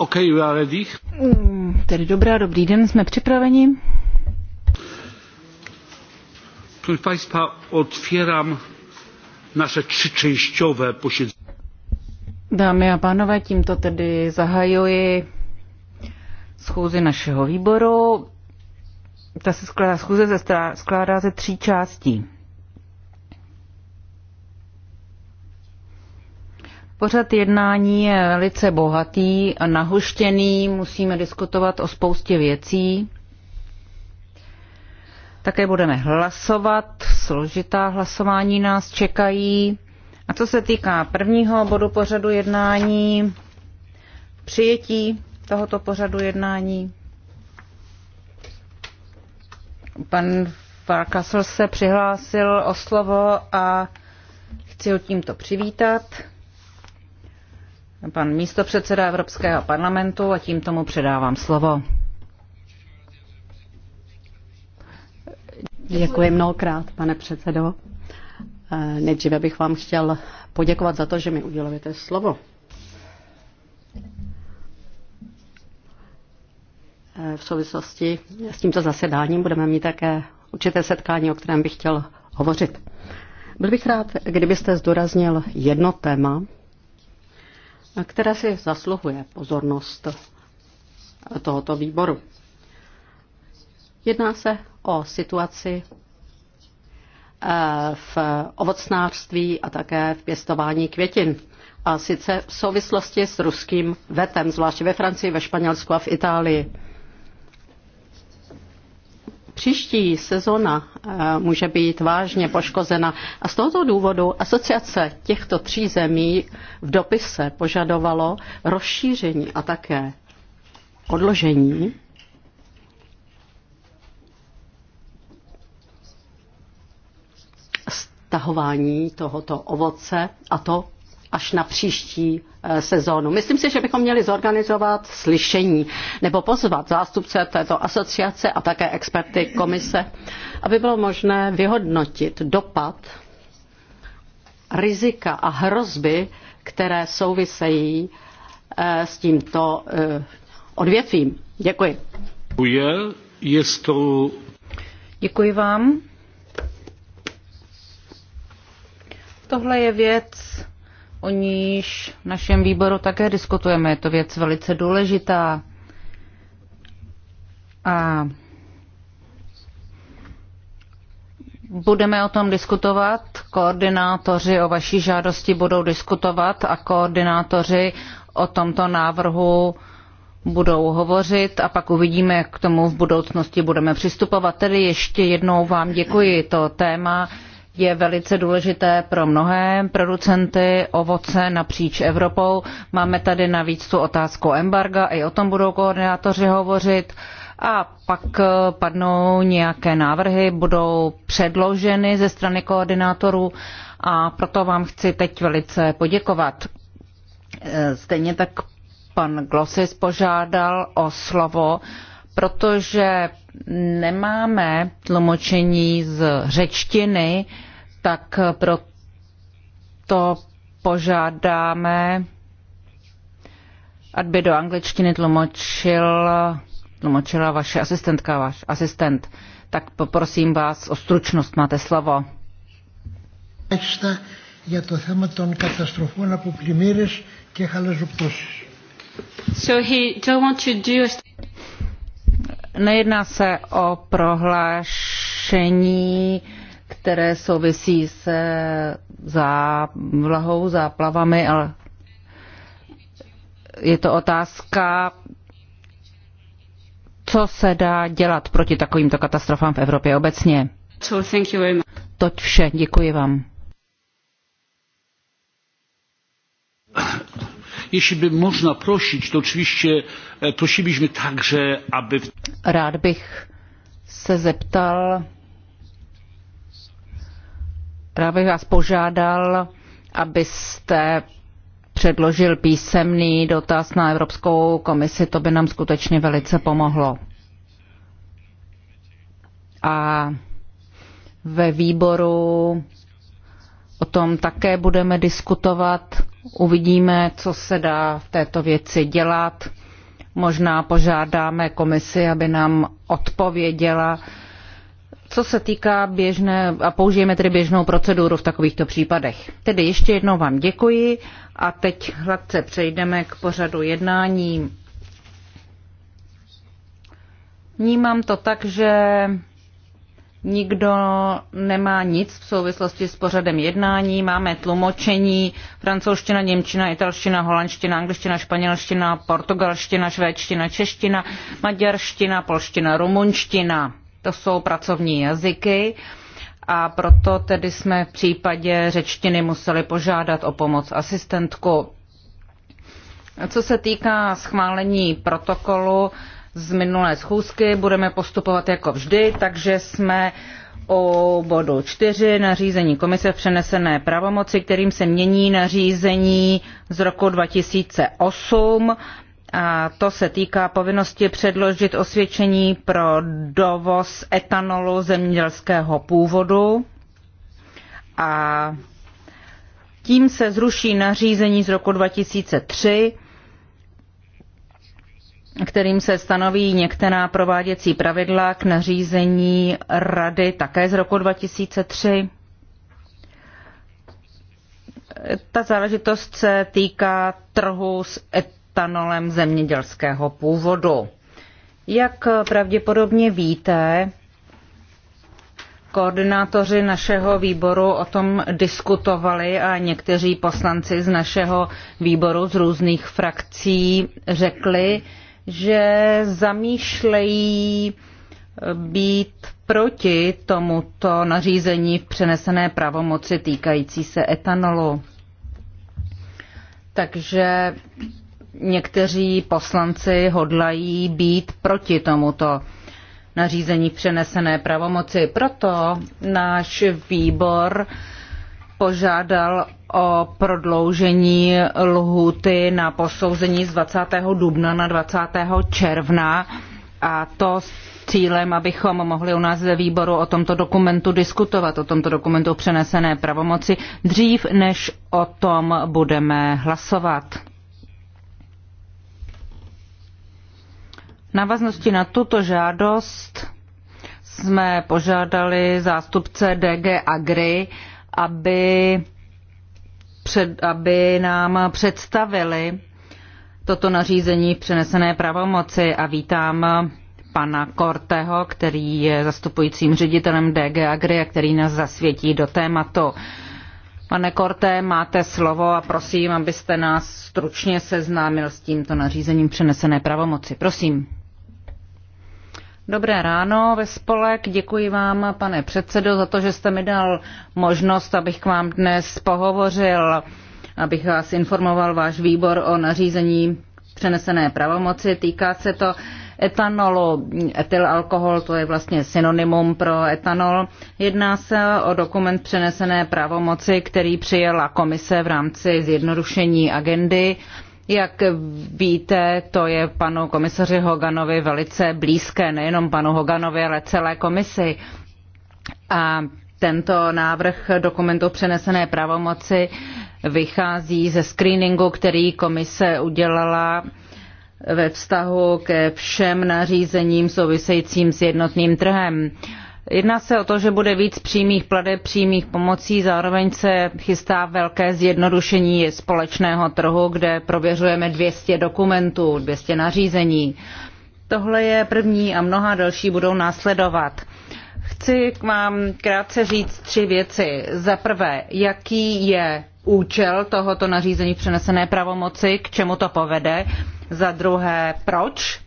Okay, we are ready. Mm, tedy dobrá, dobrý den, jsme připraveni. Proszę Państwa, otwieram naše trzyczęściowe posiedzenie. Dámy a pánové, tímto tedy zahajuji schůzi našeho výboru. Ta se skládá, schůze se skládá ze tří částí. Pořad jednání je velice bohatý, nahuštěný, musíme diskutovat o spoustě věcí. Také budeme hlasovat, složitá hlasování nás čekají. A co se týká prvního bodu pořadu jednání, přijetí tohoto pořadu jednání. Pan Farkasl se přihlásil o slovo a chci ho tímto přivítat pan místopředseda Evropského parlamentu a tím tomu předávám slovo. Děkuji mnohokrát, pane předsedo. Nejdříve bych vám chtěl poděkovat za to, že mi udělujete slovo. V souvislosti s tímto zasedáním budeme mít také určité setkání, o kterém bych chtěl hovořit. Byl bych rád, kdybyste zdůraznil jedno téma, které si zasluhuje pozornost tohoto výboru. Jedná se o situaci eh, v ovocnářství a také v pěstování květin. A sice v souvislosti s ruským vetem, zvláště ve Francii, ve Španělsku a v Itálii. Příští sezona eh, může být vážně poškozena a z tohoto důvodu asociace těchto tří zemí v dopise požadovalo rozšíření a také odložení stahování tohoto ovoce a to až na příští Eh, sezónu. Myslím si, že bychom měli zorganizovat slyšení nebo pozvat zástupce této asociace a také experty komise, aby bylo možné vyhodnotit dopad rizika a hrozby, které souvisejí eh, s tímto eh, odvětvím. Děkuji. Děkuji. to... Děkuji vám. Tohle je věc, o níž v našem výboru také diskutujeme. Je to věc velice důležitá. A budeme o tom diskutovat. Koordinátoři o vaší žádosti budou diskutovat a koordinátoři o tomto návrhu budou hovořit a pak uvidíme, jak k tomu v budoucnosti budeme přistupovat. Tedy ještě jednou vám děkuji. To téma je velice důležité pro mnohé producenty ovoce napříč Evropou. Máme tady navíc tu otázku embarga, i o tom budou koordinátoři hovořit. A pak eh, padnou nějaké návrhy, budou předloženy ze strany koordinátorů a proto vám chci teď velice poděkovat. Eh, stejně tak pan Glosis požádal o slovo protože nemáme tlumočení z řečtiny, tak proto požádáme, aby do angličtiny tlumočil, tlumočila vaše asistentka, váš asistent. Tak poprosím vás o stručnost, máte slovo. So he don't want to do a Nejedná se o prohlášení, které souvisí se závlahou, záplavami, ale je to otázka, co se dá dělat proti takovýmto katastrofám v Evropě obecně. So, thank you very much. Toť vše, děkuji vám. Jeśli by można prosić, to oczywiście e, prosilibyśmy także, aby... Rád bych se zeptal, rád bych vás požádal, abyste předložil písemný dotaz na Evropskou komisi, to by nám skutečně velice pomohlo. A ve výboru o tom také budeme diskutovat. Uvidíme, co se dá v této věci dělat. Možná požádáme komisi, aby nám odpověděla, co se týká běžné, a použijeme tedy běžnou proceduru v takovýchto případech. Tedy ještě jednou vám děkuji a teď hladce přejdeme k pořadu jednání. Vnímám to tak, že Nikdo nemá nic v souvislosti s pořadem jednání, máme tlumočení, francouzština, němčina, italština, holandština, angličtina, španělština, portugalština, švédština, čeština, maďarština, polština, rumunština. To jsou pracovní jazyky a proto tedy jsme v případě řečtiny museli požádat o pomoc asistentku. Co se týká schválení protokolu, z minulé schůzky. Budeme postupovat jako vždy, takže jsme o bodu 4 nařízení komise v přenesené pravomoci, kterým se mění nařízení z roku 2008 a to se týká povinnosti předložit osvědčení pro dovoz etanolu zemědělského původu a tím se zruší nařízení z roku 2003 kterým se stanoví některá prováděcí pravidla k nařízení Rady také z roku 2003. Ta záležitost se týká trhu s etanolem zemědělského původu. Jak pravděpodobně víte, koordinátoři našeho výboru o tom diskutovali a někteří poslanci z našeho výboru z různých frakcí řekli, že zamýšlejí eh, být proti tomuto nařízení v přenesené pravomoci týkající se etanolu. Takže někteří poslanci hodlají být proti tomuto nařízení v přenesené pravomoci. Proto náš výbor uh, požádal o prodloužení lhůty na posouzení z 20. dubna na 20. června a to s cílem, abychom mohli u nás ve výboru o tomto dokumentu diskutovat, o tomto dokumentu přenesené pravomoci, dřív než o tom budeme hlasovat. Navaznosti na tuto žádost jsme požádali zástupce DG Agri, aby, před, aby nám představili toto nařízení v přenesené pravomoci a vítám pana Korteho, který je zastupujícím ředitelem DG Agri a který nás zasvětí do tématu. Pane Korte, máte slovo a prosím, abyste nás stručně seznámil s tímto nařízením přenesené pravomoci. Prosím. Dobré ráno ve spolek. Děkuji vám, pane předsedo, za to, že jste mi dal možnost, abych k vám dnes pohovořil, abych vás informoval váš výbor o nařízení přenesené pravomoci. Týká se to etanolu. Etylalkohol to je vlastně synonymum pro etanol. Jedná se o dokument přenesené pravomoci, který přijela komise v rámci zjednodušení agendy jak víte, to je panu komisaři Hoganovi velice blízké, nejenom panu Hoganovi, ale celé komisi. A tento návrh dokumentu přenesené pravomoci vychází ze screeningu, který komise udělala ve vztahu ke všem nařízením souvisejícím s jednotným trhem. Jedná se o to, že bude víc přímých plateb přímých pomocí, zároveň se chystá velké zjednodušení společného trhu, kde prověřujeme 200 dokumentů, 200 nařízení. Tohle je první a mnoha další budou následovat. Chci k vám krátce říct tři věci. Za prvé, jaký je účel tohoto nařízení přenesené pravomoci, k čemu to povede. Za druhé, proč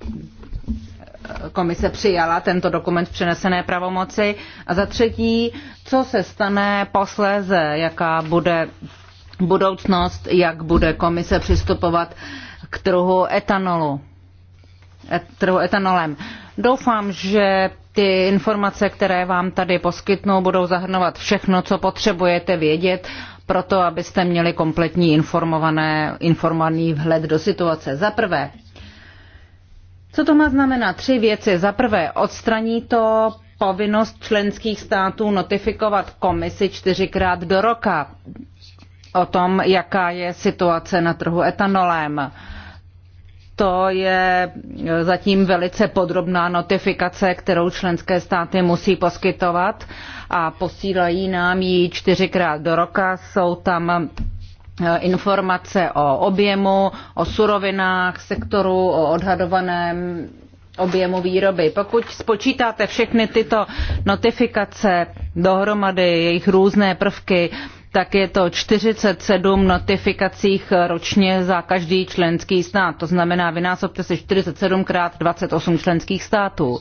komise přijala tento dokument v přenesené pravomoci? A za třetí, co se stane posléze, jaká bude budoucnost, jak bude komise přistupovat k trhu etanolu, trhu etanolem. Doufám, že ty informace, které vám tady poskytnu, budou zahrnovat všechno, co potřebujete vědět, proto abyste měli kompletní informované, informovaný vhled do situace. Za prvé, co to má znamenat? Tři věci. Za prvé, odstraní to povinnost členských států notifikovat komisi čtyřikrát do roka o tom, jaká je situace na trhu etanolem. To je zatím velice podrobná notifikace, kterou členské státy musí poskytovat a posílají nám ji čtyřikrát do roka. Jsou tam Eh, informace o objemu, o surovinách, sektoru, o odhadovaném objemu výroby. Pokud spočítáte všechny tyto notifikace dohromady, jejich různé prvky, tak je to 47 notifikacích ročně za každý členský stát. To znamená, vynásobte se 47 krát 28 členských států.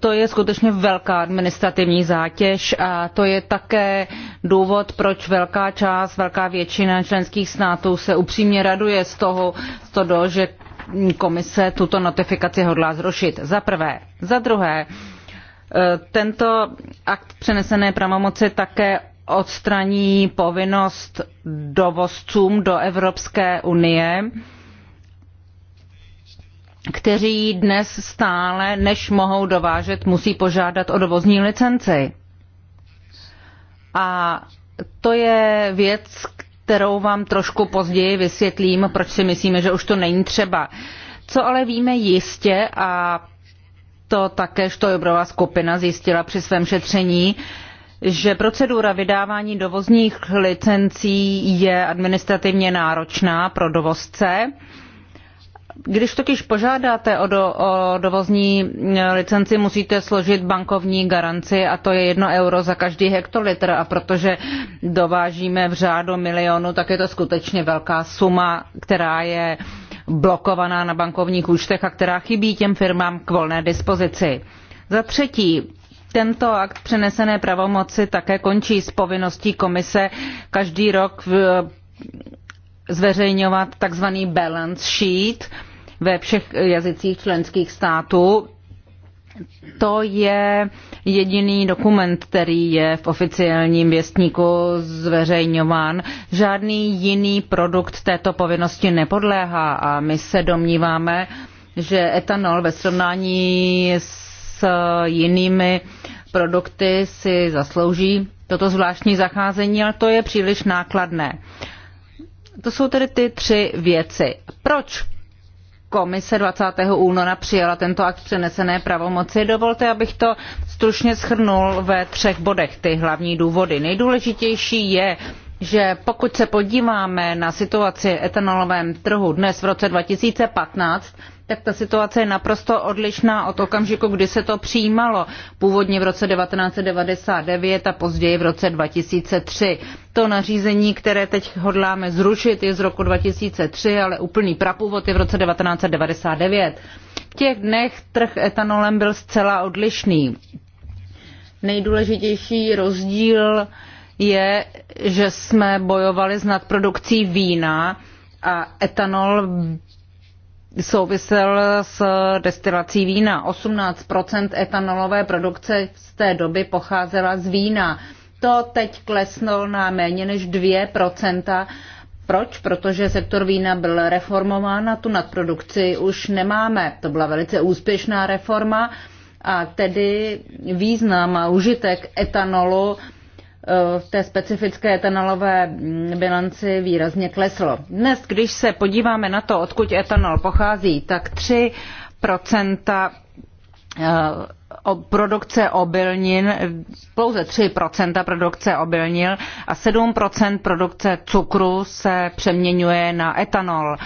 To je skutečně velká administrativní zátěž a to je také důvod, proč velká část, velká většina členských států se upřímně raduje z toho, z toho že komise tuto notifikaci hodlá zrušit. Za prvé. Za druhé, e, tento akt přenesené pravomoci také odstraní povinnost dovozcům do Evropské unie kteří dnes stále, než mohou dovážet, musí požádat o dovozní licenci. A to je věc, kterou vám trošku později vysvětlím, proč si myslíme, že už to není třeba. Co ale víme jistě, a to také Štojobrová skupina zjistila při svém šetření, že procedura vydávání dovozních licencí je administrativně náročná pro dovozce. Když totiž požádáte o, do, o dovozní licenci, musíte složit bankovní garanci a to je jedno euro za každý hektolitr. A protože dovážíme v řádu milionu, tak je to skutečně velká suma, která je blokovaná na bankovních účtech a která chybí těm firmám k volné dispozici. Za třetí, tento akt přenesené pravomoci také končí s povinností komise každý rok v zveřejňovat takzvaný balance sheet ve všech jazycích členských států. To je jediný dokument, který je v oficiálním věstníku zveřejňován. Žádný jiný produkt této povinnosti nepodléhá a my se domníváme, že etanol ve srovnání s jinými produkty si zaslouží toto zvláštní zacházení, ale to je příliš nákladné. Uh, to jsou tedy ty tři věci. Proč komise 20. února přijala tento akt přenesené pravomoci. Dovolte, abych to stručně schrnul ve třech bodech, ty hlavní důvody. Nejdůležitější je, že pokud se podíváme na situaci etanolovém trhu dnes v roce 2015, tak ta situace je naprosto odlišná od okamžiku, kdy se to přijímalo. Původně v roce 1999 a později v roce 2003. To nařízení, které teď hodláme zrušit, je z roku 2003, ale úplný prapůvod je v roce 1999. V těch dnech trh etanolem byl zcela odlišný. Nejdůležitější rozdíl je, že jsme bojovali s nadprodukcí vína a etanol souvisel s destilací vína. 18 etanolové produkce z té doby pocházela z vína. To teď kleslo na méně než 2 proč? Protože sektor vína byl reformován a tu nadprodukci už nemáme. To byla velice úspěšná reforma a tedy význam a užitek etanolu v té specifické etanolové bilanci výrazně kleslo. Dnes, když se podíváme na to, odkud etanol pochází, tak 3 eh, produkce obilnin, pouze 3 produkce obilnin a 7 produkce cukru se přeměňuje na etanol.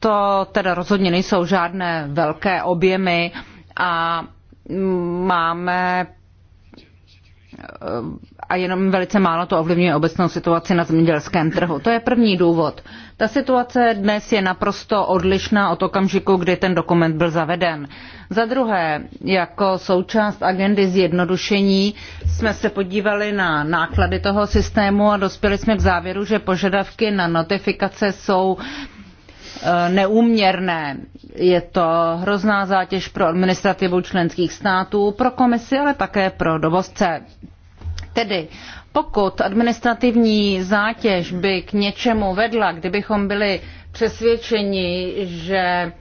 To teda rozhodně nejsou žádné velké objemy a máme Eh, a jenom velice málo to ovlivňuje obecnou situaci na zemědělském trhu. To je první důvod. Ta situace dnes je naprosto odlišná od okamžiku, kdy ten dokument byl zaveden. Za druhé, jako součást agendy zjednodušení jsme se podívali na náklady toho systému a dospěli jsme k závěru, že požadavky na notifikace jsou uh, Eh, neúměrné. Je to hrozná zátěž pro administrativu členských států, pro komisi, ale také pro dovozce. Tedy pokud administrativní zátěž by k něčemu vedla, kdybychom byli přesvědčeni, že eh,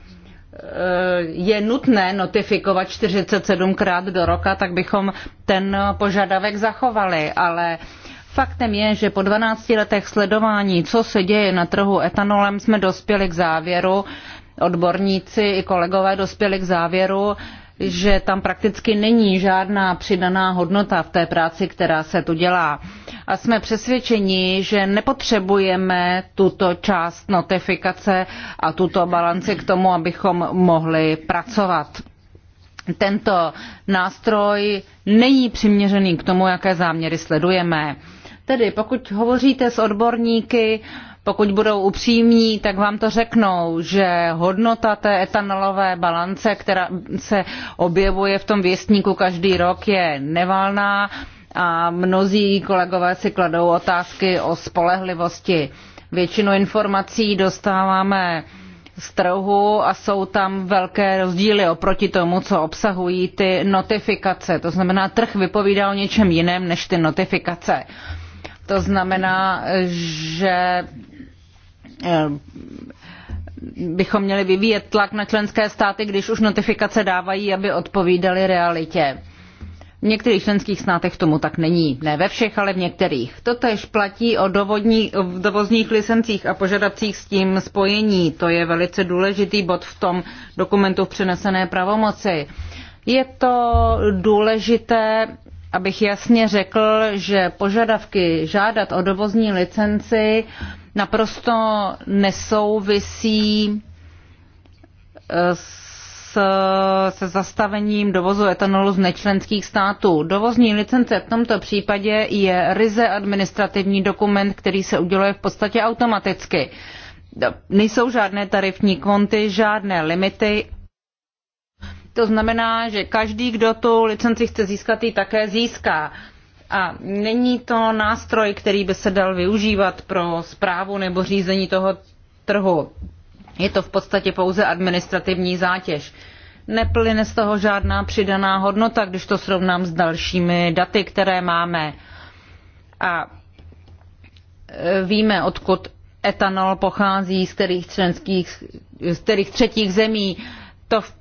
je nutné notifikovat 47krát do roka, tak bychom ten požadavek zachovali, ale Faktem je, že po 12 letech sledování, co se děje na trhu etanolem, jsme dospěli k závěru, odborníci i kolegové dospěli k závěru, že tam prakticky není žádná přidaná hodnota v té práci, která se tu dělá. A jsme přesvědčeni, že nepotřebujeme tuto část notifikace a tuto balanci k tomu, abychom mohli pracovat. Tento nástroj není přiměřený k tomu, jaké záměry sledujeme. Tedy pokud hovoříte s odborníky, pokud budou upřímní, tak vám to řeknou, že hodnota té etanolové balance, která se objevuje v tom věstníku každý rok, je nevalná a mnozí kolegové si kladou otázky o spolehlivosti. Většinu informací dostáváme z trhu a jsou tam velké rozdíly oproti tomu, co obsahují ty notifikace. To znamená, trh vypovídá o něčem jiném než ty notifikace. Uh, to znamená, že eh, bychom měli vyvíjet tlak na členské státy, když už notifikace dávají, aby odpovídaly realitě. V některých členských státech tomu tak není. Ne ve všech, ale v některých. To tež platí o, dovodní, o dovozních licencích a požadavcích s tím spojení. To je velice důležitý bod v tom dokumentu v přenesené pravomoci. Je to důležité abych jasně řekl, že požadavky žádat o dovozní licenci naprosto nesouvisí eh, s, se zastavením dovozu etanolu z nečlenských států. Dovozní licence v tomto případě je ryze administrativní dokument, který se uděluje v podstatě automaticky. Nejsou žádné tarifní konty, žádné limity to znamená, že každý, kdo tu licenci chce získat, ji také získá. A není to nástroj, který by se dal využívat pro zprávu nebo řízení toho trhu. Je to v podstatě pouze administrativní zátěž. Neplyne z toho žádná přidaná hodnota, když to srovnám s dalšími daty, které máme. A e, víme, odkud etanol pochází, z kterých, členských, z kterých třetích zemí. To v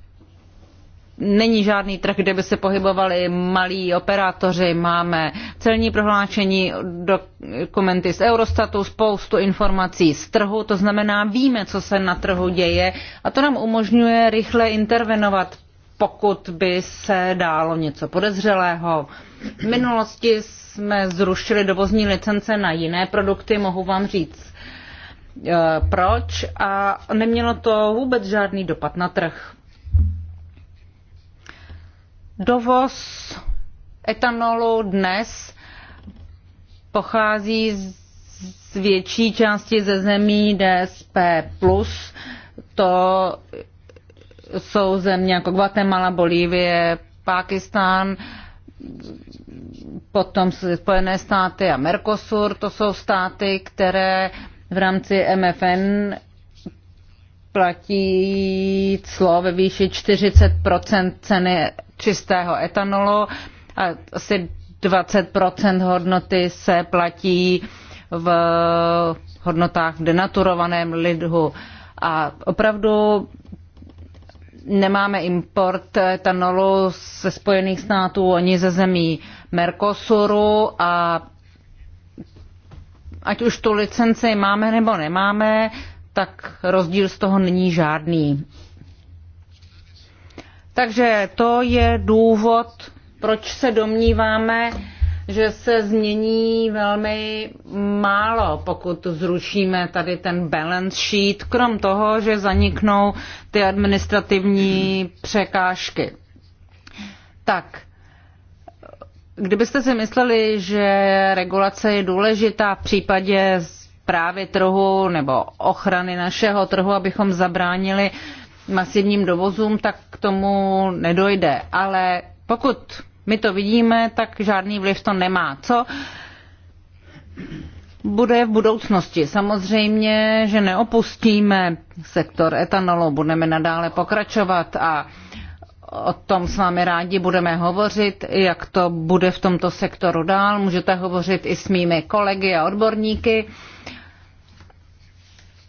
není žádný trh, kde by se pohybovali malí operátoři. Máme celní prohlášení, dokumenty z Eurostatu, spoustu informací z trhu, to znamená, víme, co se na trhu děje a to nám umožňuje rychle intervenovat, pokud by se dálo něco podezřelého. V minulosti jsme zrušili dovozní licence na jiné produkty, mohu vám říct eh, proč a nemělo to vůbec žádný dopad na trh Dovoz etanolu dnes pochází z větší části ze zemí DSP+. To jsou země jako Guatemala, Bolívie, Pákistán, potom Spojené státy a Mercosur, to jsou státy, které v rámci MFN platí clo ve výši 40 ceny čistého etanolu a asi 20 hodnoty se platí v hodnotách v denaturovaném lidhu. A opravdu nemáme import etanolu ze Spojených států ani ze zemí Mercosuru a ať už tu licenci máme nebo nemáme, tak rozdíl z toho není žádný. Takže to je důvod, proč se domníváme, že se změní velmi málo, pokud zrušíme tady ten balance sheet, krom toho, že zaniknou ty administrativní překážky. Tak, kdybyste si mysleli, že regulace je důležitá v případě právě trhu nebo ochrany našeho trhu, abychom zabránili masivním dovozům, tak k tomu nedojde. Ale pokud my to vidíme, tak žádný vliv to nemá. Co bude v budoucnosti? Samozřejmě, že neopustíme sektor etanolu, budeme nadále pokračovat a o tom s vámi rádi budeme hovořit, jak to bude v tomto sektoru dál. Můžete hovořit i s mými kolegy a odborníky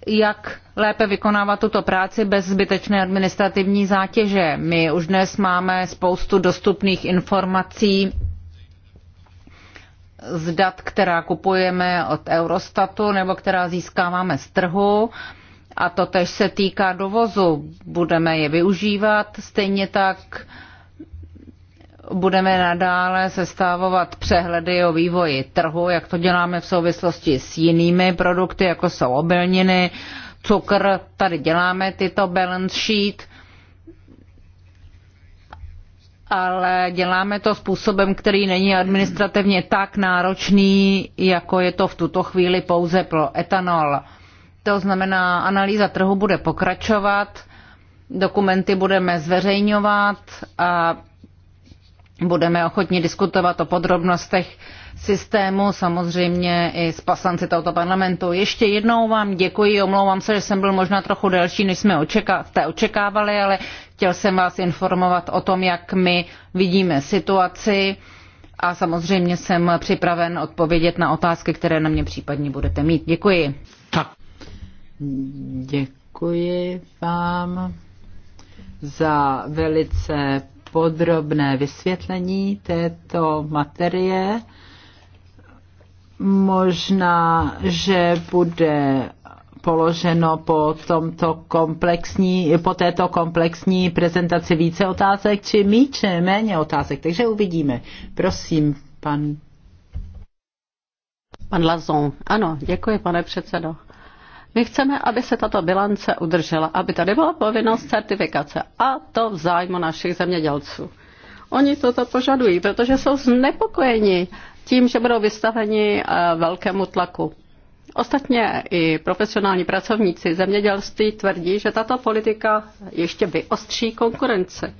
jak lépe vykonávat tuto práci bez zbytečné administrativní zátěže. My už dnes máme spoustu dostupných informací z dat, která kupujeme od Eurostatu nebo která získáváme z trhu. A to tež se týká dovozu. Budeme je využívat. Stejně tak uh, budeme nadále sestávovat přehledy o vývoji trhu, jak to děláme v souvislosti s jinými produkty, jako jsou obilniny, cukr, tady děláme tyto balance sheet, ale děláme to způsobem, který není administrativně tak náročný, jako je to v tuto chvíli pouze pro etanol. To znamená, analýza trhu bude pokračovat, dokumenty budeme zveřejňovat a Budeme ochotni diskutovat o podrobnostech systému, samozřejmě i s poslanci tohoto parlamentu. Ještě jednou vám děkuji, omlouvám se, že jsem byl možná trochu delší, než jsme očeka- očekávali, ale chtěl jsem vás informovat o tom, jak my vidíme situaci a samozřejmě jsem připraven odpovědět na otázky, které na mě případně budete mít. Děkuji. Tak. Děkuji vám za velice podrobné vysvětlení této materie. Možná, že bude položeno po, tomto komplexní, po této komplexní prezentaci více otázek, či míče, méně otázek. Takže uvidíme. Prosím, pan Pan Lazon. Ano, děkuji, pane předsedo. My chceme, aby se tato bilance udržela, aby tady byla povinnost certifikace a to v zájmu našich zemědělců. Oni toto požadují, protože jsou znepokojeni tím, že budou vystaveni eh, velkému tlaku. Ostatně i profesionální pracovníci zemědělství tvrdí, že tato politika ještě vyostří konkurenci.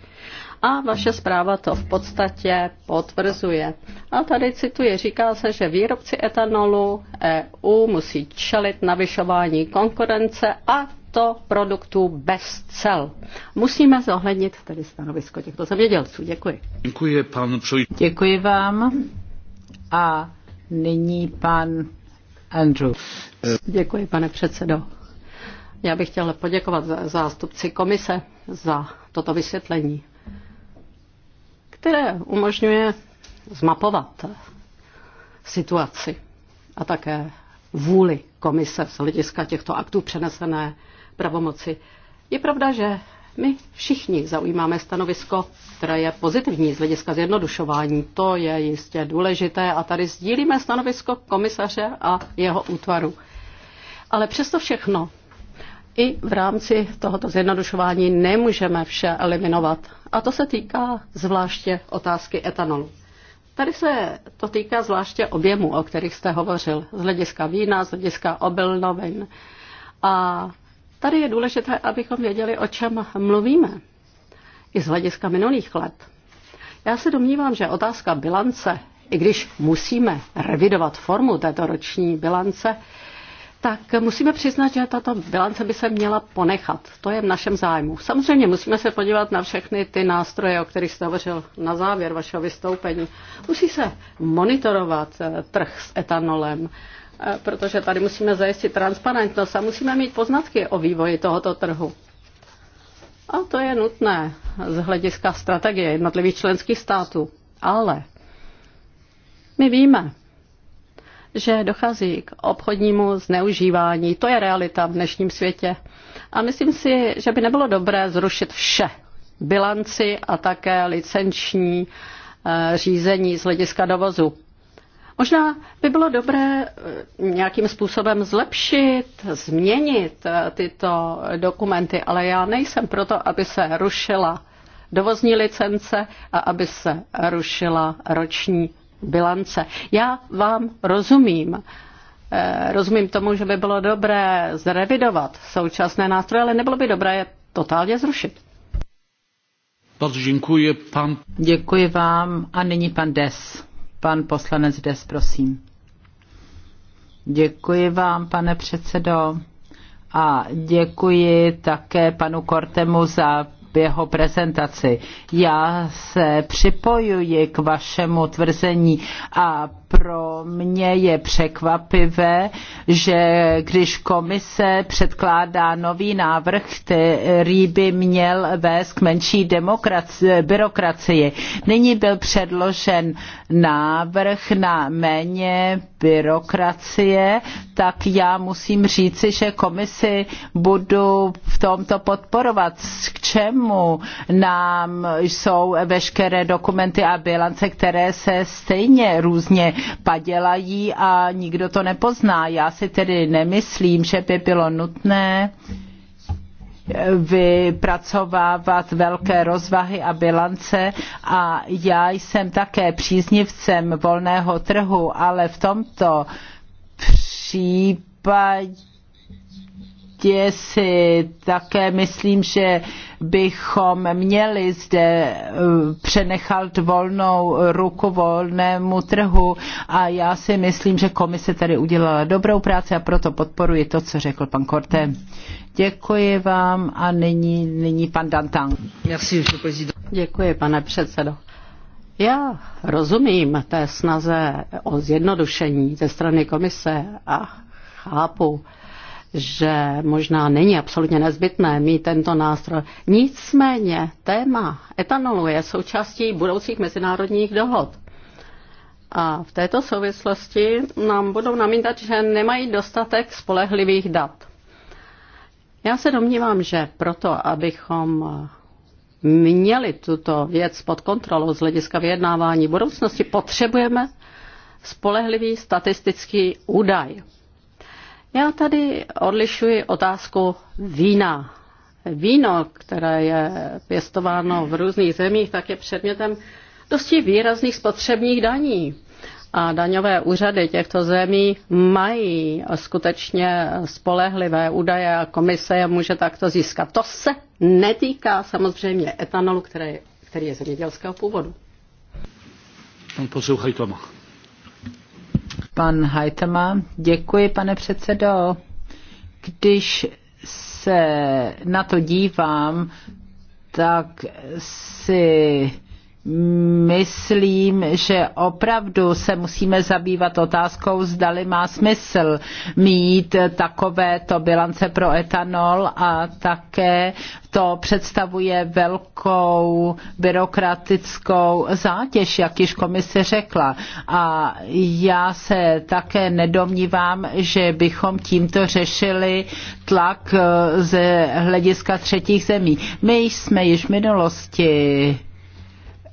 A vaše zpráva to v podstatě potvrzuje. A tady cituji, říká se, že výrobci etanolu EU musí čelit navyšování konkurence a to produktů bez cel. Musíme zohlednit tedy stanovisko těchto zemědělců. Děkuji. Děkuji, pan Děkuji vám. A nyní pan Andrew. Děkuji, pane předsedo. Já bych chtěla poděkovat zástupci komise za toto vysvětlení které umožňuje zmapovat situaci a také vůli komise z hlediska těchto aktů přenesené pravomoci. Je pravda, že my všichni zaujímáme stanovisko, které je pozitivní z hlediska zjednodušování. To je jistě důležité a tady sdílíme stanovisko komisaře a jeho útvaru. Ale přesto všechno i v rámci tohoto zjednodušování nemůžeme vše eliminovat. A to se týká zvláště otázky etanolu. Tady se to týká zvláště objemu, o kterých jste hovořil, z hlediska vína, z hlediska obilnovin. A tady je důležité, abychom věděli, o čem mluvíme, i z hlediska minulých let. Já se domnívám, že otázka bilance, i když musíme revidovat formu této roční bilance, tak musíme přiznat, že tato bilance by se měla ponechat. To je v našem zájmu. Samozřejmě musíme se podívat na všechny ty nástroje, o kterých jste hovořil na závěr vašeho vystoupení. Musí se monitorovat eh, trh s etanolem, eh, protože tady musíme zajistit transparentnost a musíme mít poznatky o vývoji tohoto trhu. A to je nutné z hlediska strategie jednotlivých členských států. Ale my víme, že dochází k obchodnímu zneužívání. To je realita v dnešním světě. A myslím si, že by nebylo dobré zrušit vše. Bilanci a také licenční eh, řízení z hlediska dovozu. Možná by bylo dobré eh, nějakým způsobem zlepšit, změnit eh, tyto dokumenty, ale já nejsem proto, aby se rušila dovozní licence a aby se rušila roční bilance. Já vám rozumím. Eh, rozumím tomu, že by bylo dobré zrevidovat současné nástroje, ale nebylo by dobré je totálně zrušit. děkuji, pan... Děkuji vám a nyní pan Des. Pan poslanec Des, prosím. Děkuji vám, pane předsedo. A děkuji také panu Kortemu za jeho prezentaci. Já se připojuji k vašemu tvrzení a pro mě je překvapivé, že když komise předkládá nový návrh, který by měl vést k menší byrokracii, nyní byl předložen návrh na méně byrokracie, tak já musím říci, že komisi budu v tomto podporovat. K čemu nám jsou veškeré dokumenty a bilance, které se stejně různě padělají a nikdo to nepozná. Já si tedy nemyslím, že by bylo nutné vypracovávat velké rozvahy a bilance a já jsem také příznivcem volného trhu, ale v tomto případě jistě si také myslím, že bychom měli zde eh, přenechat volnou ruku volnému trhu a já si myslím, že komise tady udělala dobrou práci a proto podporuji to, co řekl pan Korte. Děkuji vám a nyní, nyní pan Dantan. Děkuji, pane předsedo. Já rozumím té snaze o zjednodušení ze strany komise a chápu, že možná není absolutně nezbytné mít tento nástroj. Nicméně téma etanolu je součástí budoucích mezinárodních dohod. A v této souvislosti nám budou namítat, že nemají dostatek spolehlivých dat. Já se domnívám, že proto, abychom měli tuto věc pod kontrolou z hlediska vyjednávání budoucnosti, potřebujeme spolehlivý statistický údaj. Já tady odlišuji otázku vína. Víno, které je pěstováno v různých zemích, tak je předmětem dosti výrazných spotřebních daní. A daňové úřady těchto zemí mají skutečně spolehlivé údaje a komise je může takto získat. To se netýká samozřejmě etanolu, který, který je zemědělského původu. Pan poslouchaj Tomáš. Pan Hajtema, děkuji, pane předsedo. Když se na to dívám, tak si myslím, že opravdu se musíme zabývat otázkou, zdali má smysl mít takovéto bilance pro etanol a také to představuje velkou byrokratickou zátěž, jak již komise řekla. A já se také nedomnívám, že bychom tímto řešili tlak eh, ze hlediska třetích zemí. My jsme již v minulosti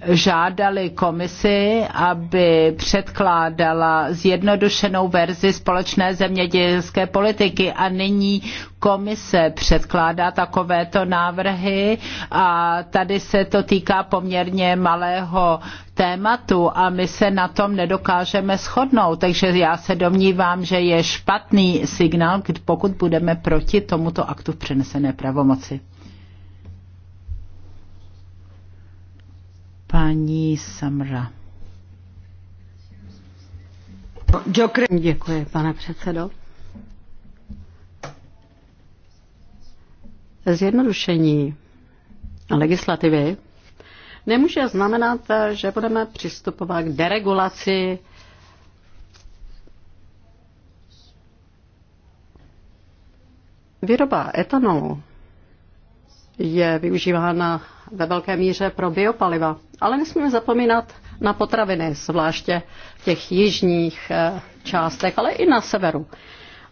žádali komisi, aby předkládala zjednodušenou verzi společné zemědělské politiky a nyní komise předkládá takovéto návrhy a tady se to týká poměrně malého tématu a my se na tom nedokážeme shodnout. Takže já se domnívám, že je špatný signál, pokud budeme proti tomuto aktu v přenesené pravomoci. paní Samra. Děkuji, pane předsedo. Zjednodušení legislativy nemůže znamenat, že budeme přistupovat k deregulaci Výroba etanolu je využívána ve velké míře pro biopaliva. Ale nesmíme zapomínat na potraviny, zvláště v těch jižních eh, částech, ale i na severu.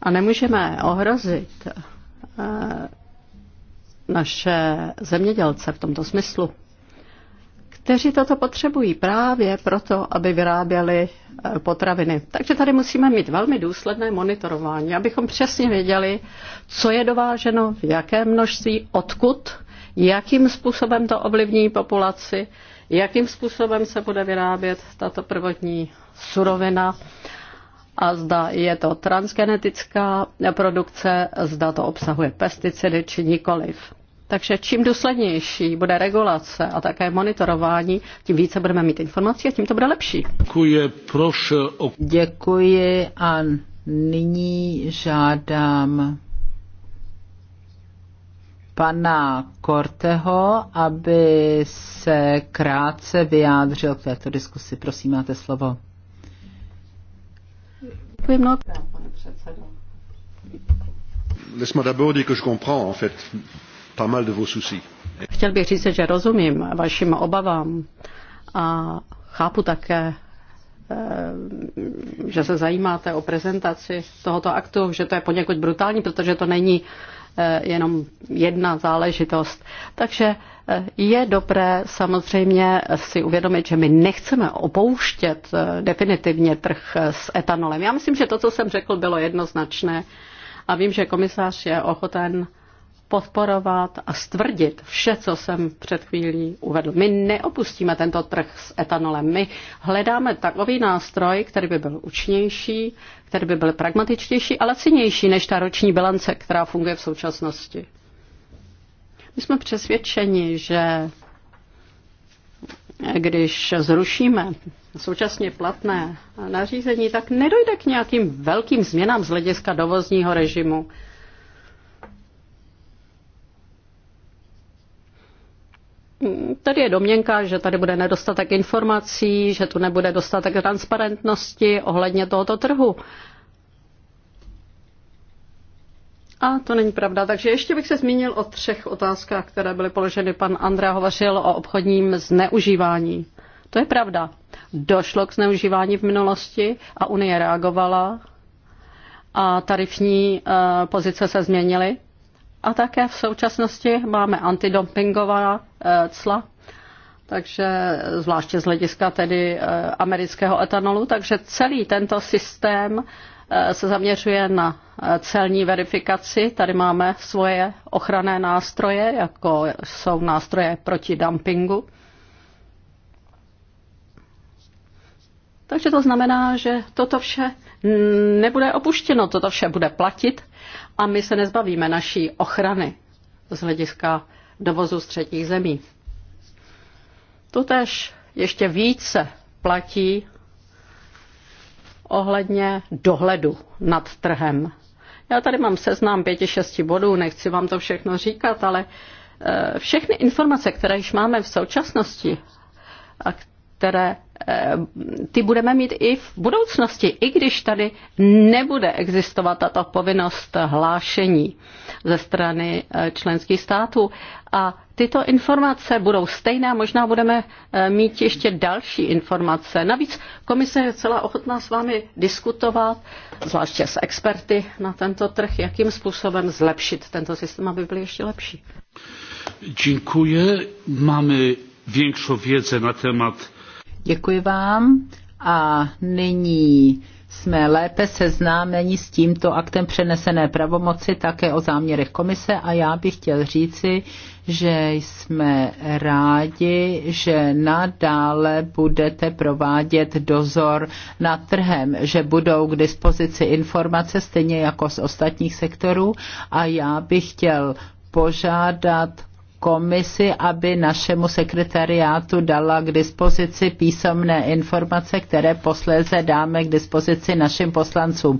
A nemůžeme ohrozit eh, naše zemědělce v tomto smyslu, kteří toto potřebují právě proto, aby vyráběli eh, potraviny. Takže tady musíme mít velmi důsledné monitorování, abychom přesně věděli, co je dováženo, v jaké množství, odkud jakým způsobem to ovlivní populaci, jakým způsobem se bude vyrábět tato prvotní surovina a zda je to transgenetická produkce, zda to obsahuje pesticidy či nikoliv. Takže čím důslednější bude regulace a také monitorování, tím více budeme mít informací a tím to bude lepší. Děkuji, prosím. Děkuji a nyní žádám pana Korteho, aby se krátce vyjádřil k této diskusi. Prosím, máte slovo. Děkuji mnohokrát, Laisse-moi d'abord dire que je comprends en fait pas mal de vos soucis. Chtěl bych říct, že rozumím vašim obavám a chápu také eh, že se zajímáte o prezentaci tohoto aktu, že to je poněkud brutální, protože to není Eh, jenom jedna záležitost. Takže eh, je dobré samozřejmě si uvědomit, že my nechceme opouštět eh, definitivně trh s etanolem. Já myslím, že to, co jsem řekl, bylo jednoznačné a vím, že komisář je ochoten podporovat a stvrdit vše, co jsem před chvílí uvedl. My neopustíme tento trh s etanolem. My hledáme takový nástroj, který by byl účinnější, který by byl pragmatičtější a lacinější než ta roční bilance, která funguje v současnosti. My jsme přesvědčeni, že když zrušíme současně platné nařízení, tak nedojde k nějakým velkým změnám z hlediska dovozního režimu. Tady je domněnka, že tady bude nedostatek informací, že tu nebude dostatek transparentnosti ohledně tohoto trhu. A to není pravda. Takže ještě bych se zmínil o třech otázkách, které byly položeny. Pan Andrá hovořil o obchodním zneužívání. To je pravda. Došlo k zneužívání v minulosti a Unie reagovala a tarifní eh, pozice se změnily. A také v současnosti máme antidumpingová Eh, cla takže zvláště z hlediska tedy eh, amerického etanolu, takže celý tento systém eh, se zaměřuje na celní verifikaci. Tady máme svoje ochranné nástroje, jako jsou nástroje proti dumpingu. Takže to znamená, že toto vše nebude opuštěno, toto vše bude platit a my se nezbavíme naší ochrany z hlediska dovozu z třetích zemí. Tutež ještě více platí ohledně dohledu nad trhem. Já tady mám seznam pěti, šesti bodů, nechci vám to všechno říkat, ale eh, všechny informace, které již máme v současnosti a které eh, ty budeme mít i v budoucnosti, i když tady nebude existovat tato povinnost hlášení ze strany eh, členských států. A tyto informace budou stejné, možná budeme eh, mít ještě další informace. Navíc komise je celá ochotná s vámi diskutovat, zvláště s experty na tento trh, jakým způsobem zlepšit tento systém, aby byl ještě lepší. Děkuji. Máme większą wiedzę na temat Děkuji vám a nyní jsme lépe seznámeni s tímto aktem přenesené pravomoci, také o záměrech komise a já bych chtěl říci, že jsme rádi, že nadále budete provádět dozor nad trhem, že budou k dispozici informace stejně jako z ostatních sektorů a já bych chtěl požádat komisi, aby našemu sekretariátu dala k dispozici písemné informace, které posléze dáme k dispozici našim poslancům.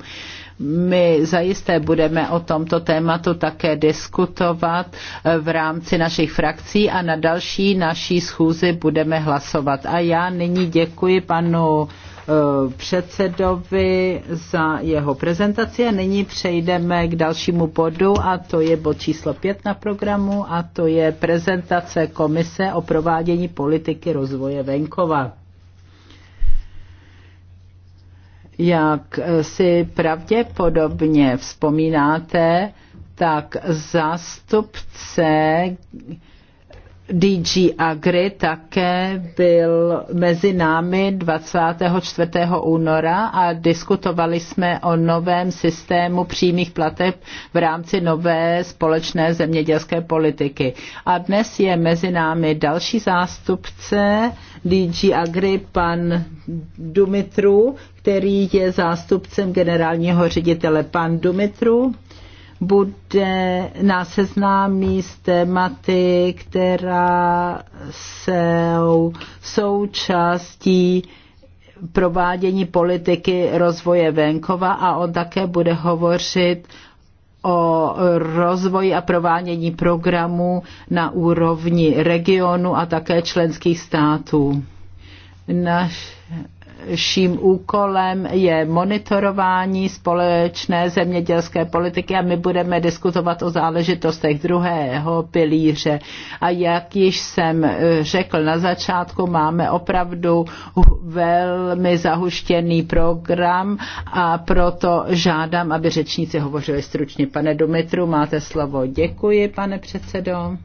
My zajisté budeme o tomto tématu také diskutovat eh, v rámci našich frakcí a na další naší schůzi budeme hlasovat. A já nyní děkuji panu Eh, předsedovi za jeho prezentaci a nyní přejdeme k dalšímu bodu a to je bod číslo 5 na programu a to je prezentace komise o provádění politiky rozvoje venkova. Jak eh, si pravděpodobně vzpomínáte, tak zástupce DG Agri také byl mezi námi 24. února a diskutovali jsme o novém systému přímých plateb v rámci nové společné zemědělské politiky. A dnes je mezi námi další zástupce DG Agri, pan Dumitru, který je zástupcem generálního ředitele. Pan Dumitru, bude nás seznámí s tématy, která jsou součástí provádění politiky rozvoje venkova a on také bude hovořit o rozvoji a provádění programů na úrovni regionu a také členských států. Naš naším úkolem je monitorování společné zemědělské politiky a my budeme diskutovat o záležitostech druhého pilíře. A jak již jsem eh, řekl na začátku, máme opravdu velmi zahuštěný program a proto žádám, aby řečníci hovořili stručně. Pane Dumitru, máte slovo. Děkuji, pane předsedo.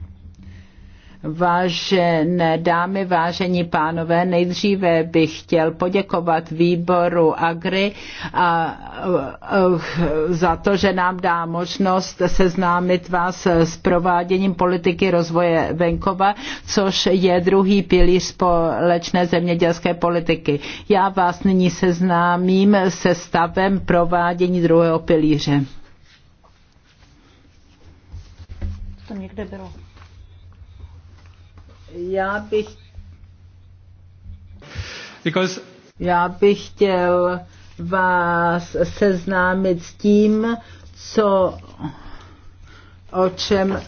Vážené dámy, vážení pánové, nejdříve bych chtěl poděkovat výboru Agri a, a, eh, za to, že nám dá možnost seznámit vás s prováděním politiky rozvoje venkova, což je druhý pilíř společné zemědělské politiky. Já vás nyní seznámím se stavem provádění druhého pilíře. To někde bylo. Já bych... Because... Já bych chtěl vás seznámit s tím, co, o čem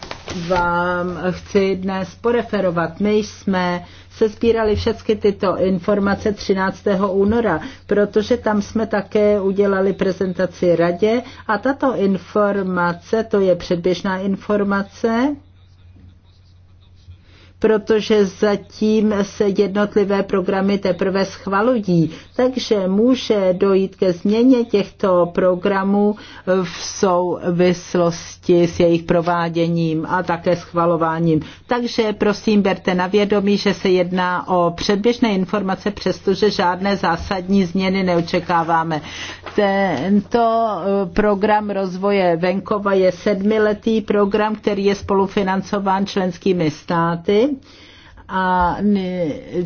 vám chci dnes poreferovat. My jsme se sbírali všechny tyto informace 13. února, protože tam jsme také udělali prezentaci radě a tato informace, to je předběžná informace, protože zatím se jednotlivé programy teprve schvalují. Takže může dojít ke změně těchto programů v souvislosti s jejich prováděním a také schvalováním. Takže prosím, berte na vědomí, že se jedná o předběžné informace, přestože žádné zásadní změny neočekáváme. Tento eh, program rozvoje venkova je sedmiletý program, který je spolufinancován členskými státy a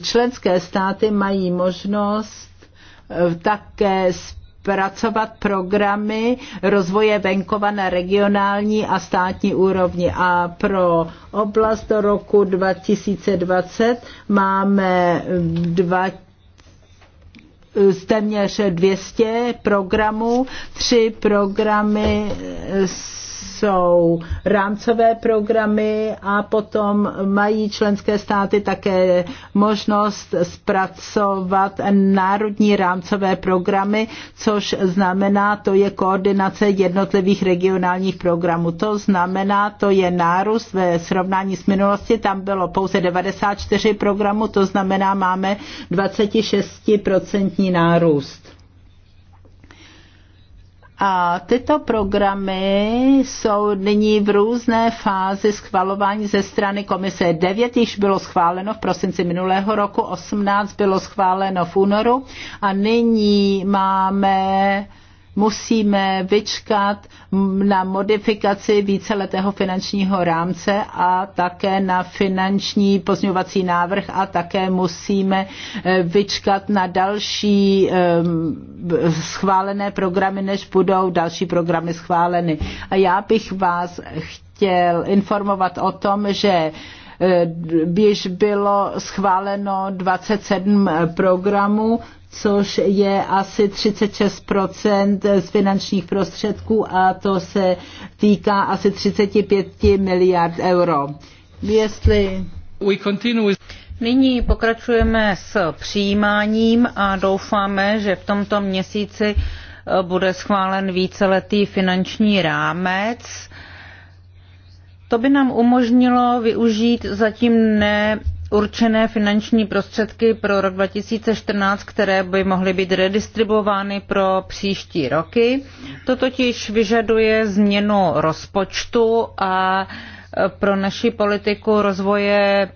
členské státy mají možnost eh, také pracovat programy rozvoje venkova na regionální a státní úrovni. A pro oblast do roku 2020 máme mm, dva téměř 200 programů, tři programy eh, s jsou rámcové programy a potom mají členské státy také možnost zpracovat národní rámcové programy, což znamená, to je koordinace jednotlivých regionálních programů. To znamená, to je nárůst ve srovnání s minulosti, tam bylo pouze 94 programů, to znamená, máme 26% nárůst. A tyto programy jsou nyní v různé fázi schvalování ze strany komise. 9 již bylo schváleno v prosinci minulého roku, osmnáct bylo schváleno v únoru a nyní máme musíme vyčkat na modifikaci víceletého finančního rámce a také na finanční pozňovací návrh a také musíme eh, vyčkat na další eh, schválené programy, než budou další programy schváleny. A já bych vás chtěl informovat o tom, že běž eh, bylo schváleno 27 programů, což je asi 36 z finančních prostředků a to se týká asi 35 miliard euro. Jestli... We continue Nyní pokračujeme s přijímáním a doufáme, že v tomto měsíci eh, bude schválen víceletý finanční rámec. To by nám umožnilo využít zatím ne určené finanční prostředky pro rok 2014, které by mohly být redistribuovány pro příští roky. To totiž vyžaduje změnu rozpočtu a e, pro naši politiku rozvoje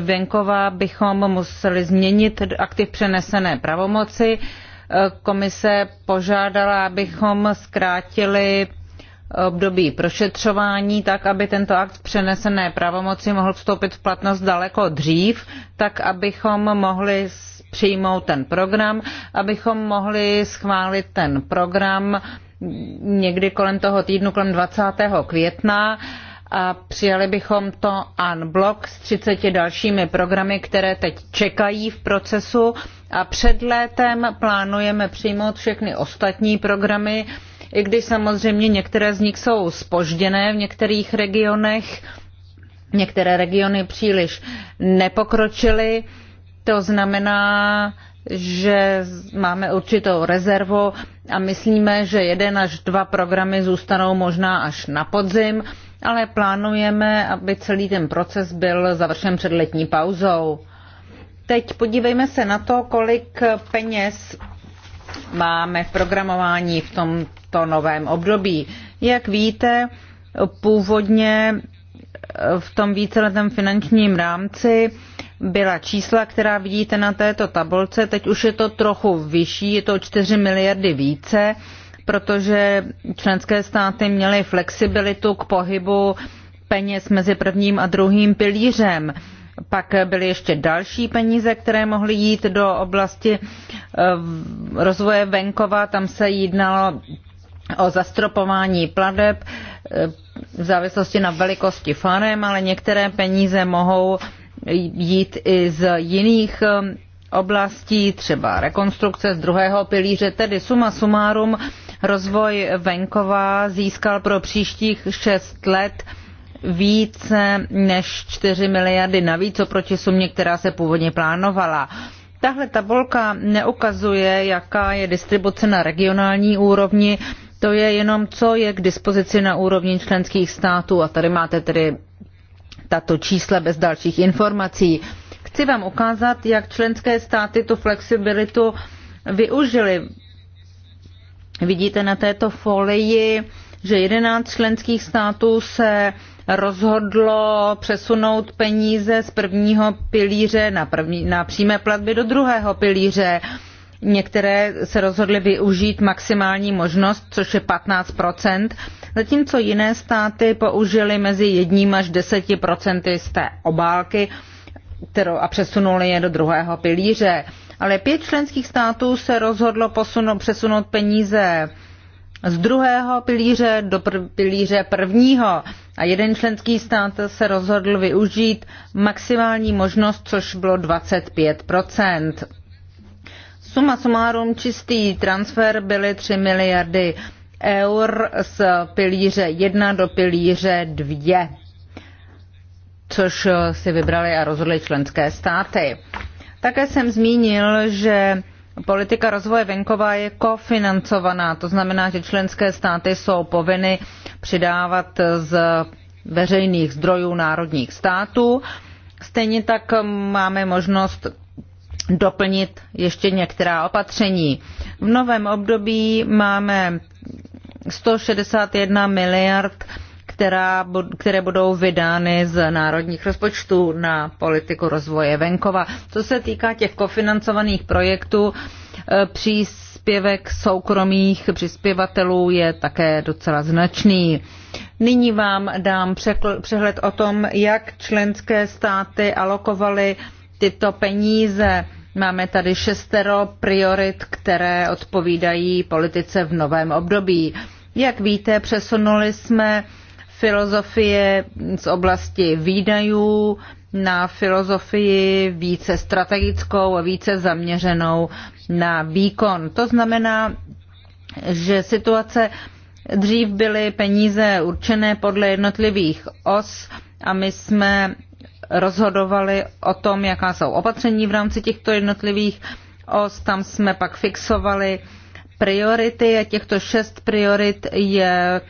venkova bychom museli změnit aktiv přenesené pravomoci. E, komise požádala, abychom zkrátili období prošetřování, tak aby tento akt přenesené pravomoci mohl vstoupit v platnost daleko dřív, tak abychom mohli přijmout ten program, abychom mohli schválit ten program někdy kolem toho týdnu, kolem 20. května a přijali bychom to unblock s 30 dalšími programy, které teď čekají v procesu a před létem plánujeme přijmout všechny ostatní programy, i když samozřejmě některé z nich jsou spožděné v některých regionech, některé regiony příliš nepokročily. To znamená, že máme určitou rezervu a myslíme, že jeden až dva programy zůstanou možná až na podzim, ale plánujeme, aby celý ten proces byl završen před letní pauzou. Teď podívejme se na to, kolik peněz máme v programování v tomto novém období. Jak víte, původně eh, v tom víceletém finančním rámci byla čísla, která vidíte na této tabulce. Teď už je to trochu vyšší, je to 4 miliardy více, protože členské státy měly flexibilitu k pohybu peněz mezi prvním a druhým pilířem. Pak byly ještě další peníze, které mohly jít do oblasti eh, rozvoje venkova. Tam se jednalo o zastropování pladeb eh, v závislosti na velikosti farem, ale některé peníze mohou jít i z jiných eh, oblastí, třeba rekonstrukce z druhého pilíře, tedy suma sumárum rozvoj venkova získal pro příštích šest let více než 4 miliardy navíc oproti sumě, která se původně plánovala. Tahle tabulka neukazuje, jaká je distribuce na regionální úrovni, to je jenom, co je k dispozici na úrovni členských států a tady máte tedy tato čísla bez dalších informací. Chci vám ukázat, jak členské státy tu flexibilitu využili. Vidíte na této folii, že 11 členských států se rozhodlo přesunout peníze z prvního pilíře na, první, na přímé platby do druhého pilíře. Některé se rozhodly využít maximální možnost, což je 15 zatímco jiné státy použily mezi jedním až 10 z té obálky kterou, a přesunuli je do druhého pilíře. Ale pět členských států se rozhodlo posunout, přesunout peníze z druhého pilíře do pr- pilíře prvního. A jeden členský stát se rozhodl využít maximální možnost, což bylo 25 Suma sumárum čistý transfer byly 3 miliardy eur z pilíře 1 do pilíře 2, což si vybrali a rozhodli členské státy. Také jsem zmínil, že Politika rozvoje venkova je kofinancovaná, to znamená, že členské státy jsou povinny přidávat z veřejných zdrojů národních států. Stejně tak máme možnost doplnit ještě některá opatření. V novém období máme 161 miliard která, které budou vydány z národních rozpočtů na politiku rozvoje venkova. Co se týká těch kofinancovaných projektů, e, příspěvek soukromých přispěvatelů je také docela značný. Nyní vám dám přehled o tom, jak členské státy alokovaly tyto peníze. Máme tady šestero priorit, které odpovídají politice v novém období. Jak víte, přesunuli jsme filozofie z oblasti výdajů na filozofii více strategickou a více zaměřenou na výkon. To znamená, že situace dřív byly peníze určené podle jednotlivých os a my jsme rozhodovali o tom, jaká jsou opatření v rámci těchto jednotlivých os. Tam jsme pak fixovali priority a těchto šest priorit je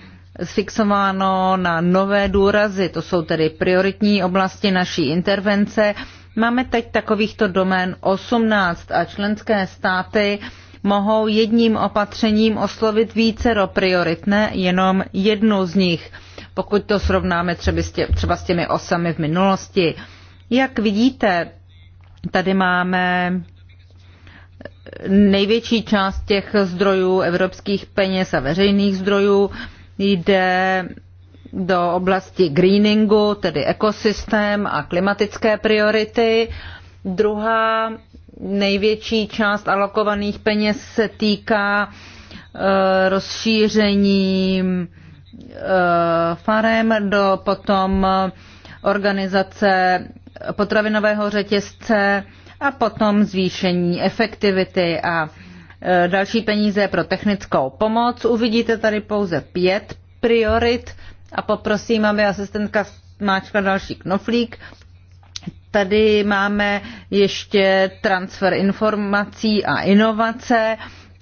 fixováno na nové důrazy, to jsou tedy prioritní oblasti naší intervence. Máme teď takovýchto domén 18 a členské státy mohou jedním opatřením oslovit více do priorit, ne jenom jednu z nich, pokud to srovnáme třeba s těmi osami v minulosti. Jak vidíte, tady máme největší část těch zdrojů, evropských peněz a veřejných zdrojů, jde do oblasti greeningu, tedy ekosystém a klimatické priority. Druhá největší část alokovaných peněz se týká eh, rozšíření eh, farem do potom organizace potravinového řetězce a potom zvýšení efektivity a Eh, další peníze pro technickou pomoc. Uvidíte tady pouze pět priorit a poprosím, aby asistentka máčka další knoflík. Tady máme ještě transfer informací a inovace,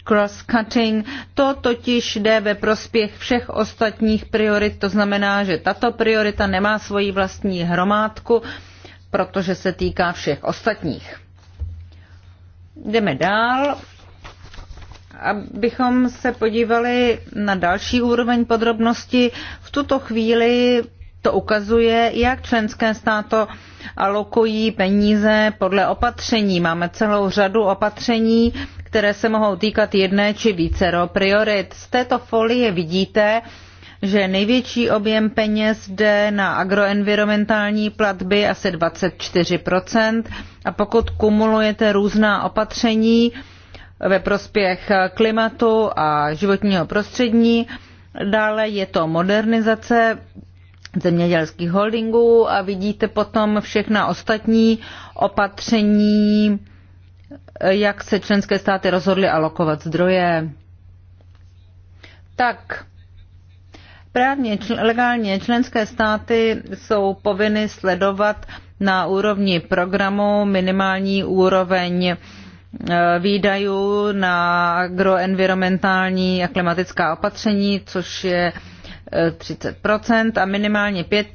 cross-cutting. To totiž jde ve prospěch všech ostatních priorit, to znamená, že tato priorita nemá svoji vlastní hromádku, protože se týká všech ostatních. Jdeme dál abychom se podívali na další úroveň podrobnosti. V tuto chvíli to ukazuje, jak členské státy alokují peníze podle opatření. Máme celou řadu opatření, které se mohou týkat jedné či více priorit. Z této folie vidíte, že největší objem peněz jde na agroenvironmentální platby asi 24 a pokud kumulujete různá opatření, ve prospěch klimatu a životního prostředí. Dále je to modernizace zemědělských holdingů a vidíte potom všechna ostatní opatření, jak se členské státy rozhodly alokovat zdroje. Tak, právně, čl- legálně členské státy jsou povinny sledovat na úrovni programu minimální úroveň Eh, výdajů na agroenvironmentální a klimatická opatření, což je 30 eh, a minimálně 5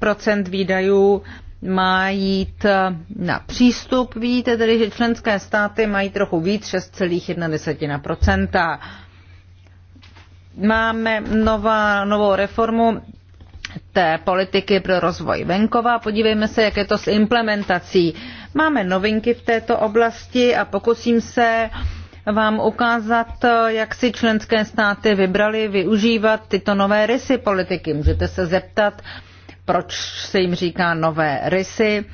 výdajů má jít eh, na přístup. víte, tedy, že členské státy mají trochu víc, 6,1 Máme nová, novou reformu té politiky pro rozvoj venkova. Podívejme se, jak je to s implementací. Máme novinky v této oblasti a pokusím se vám ukázat, jak si členské státy vybrali využívat tyto nové rysy politiky. Můžete se zeptat, proč se jim říká nové rysy.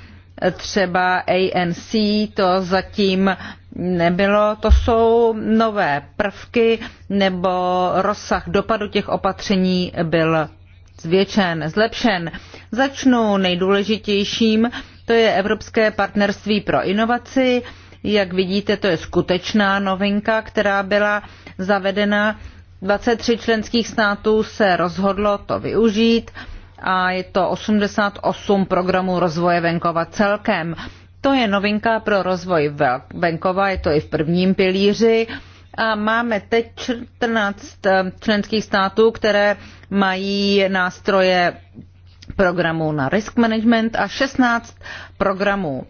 Třeba ANC to zatím nebylo. To jsou nové prvky nebo rozsah dopadu těch opatření byl zvětšen, zlepšen. Začnu nejdůležitějším to je Evropské partnerství pro inovaci. Jak vidíte, to je skutečná novinka, která byla zavedena. 23 členských států se rozhodlo to využít a je to 88 programů rozvoje venkova celkem. To je novinka pro rozvoj venkova, je to i v prvním pilíři. A máme teď 14 eh, členských států, které mají nástroje programů na risk management a 16 programů.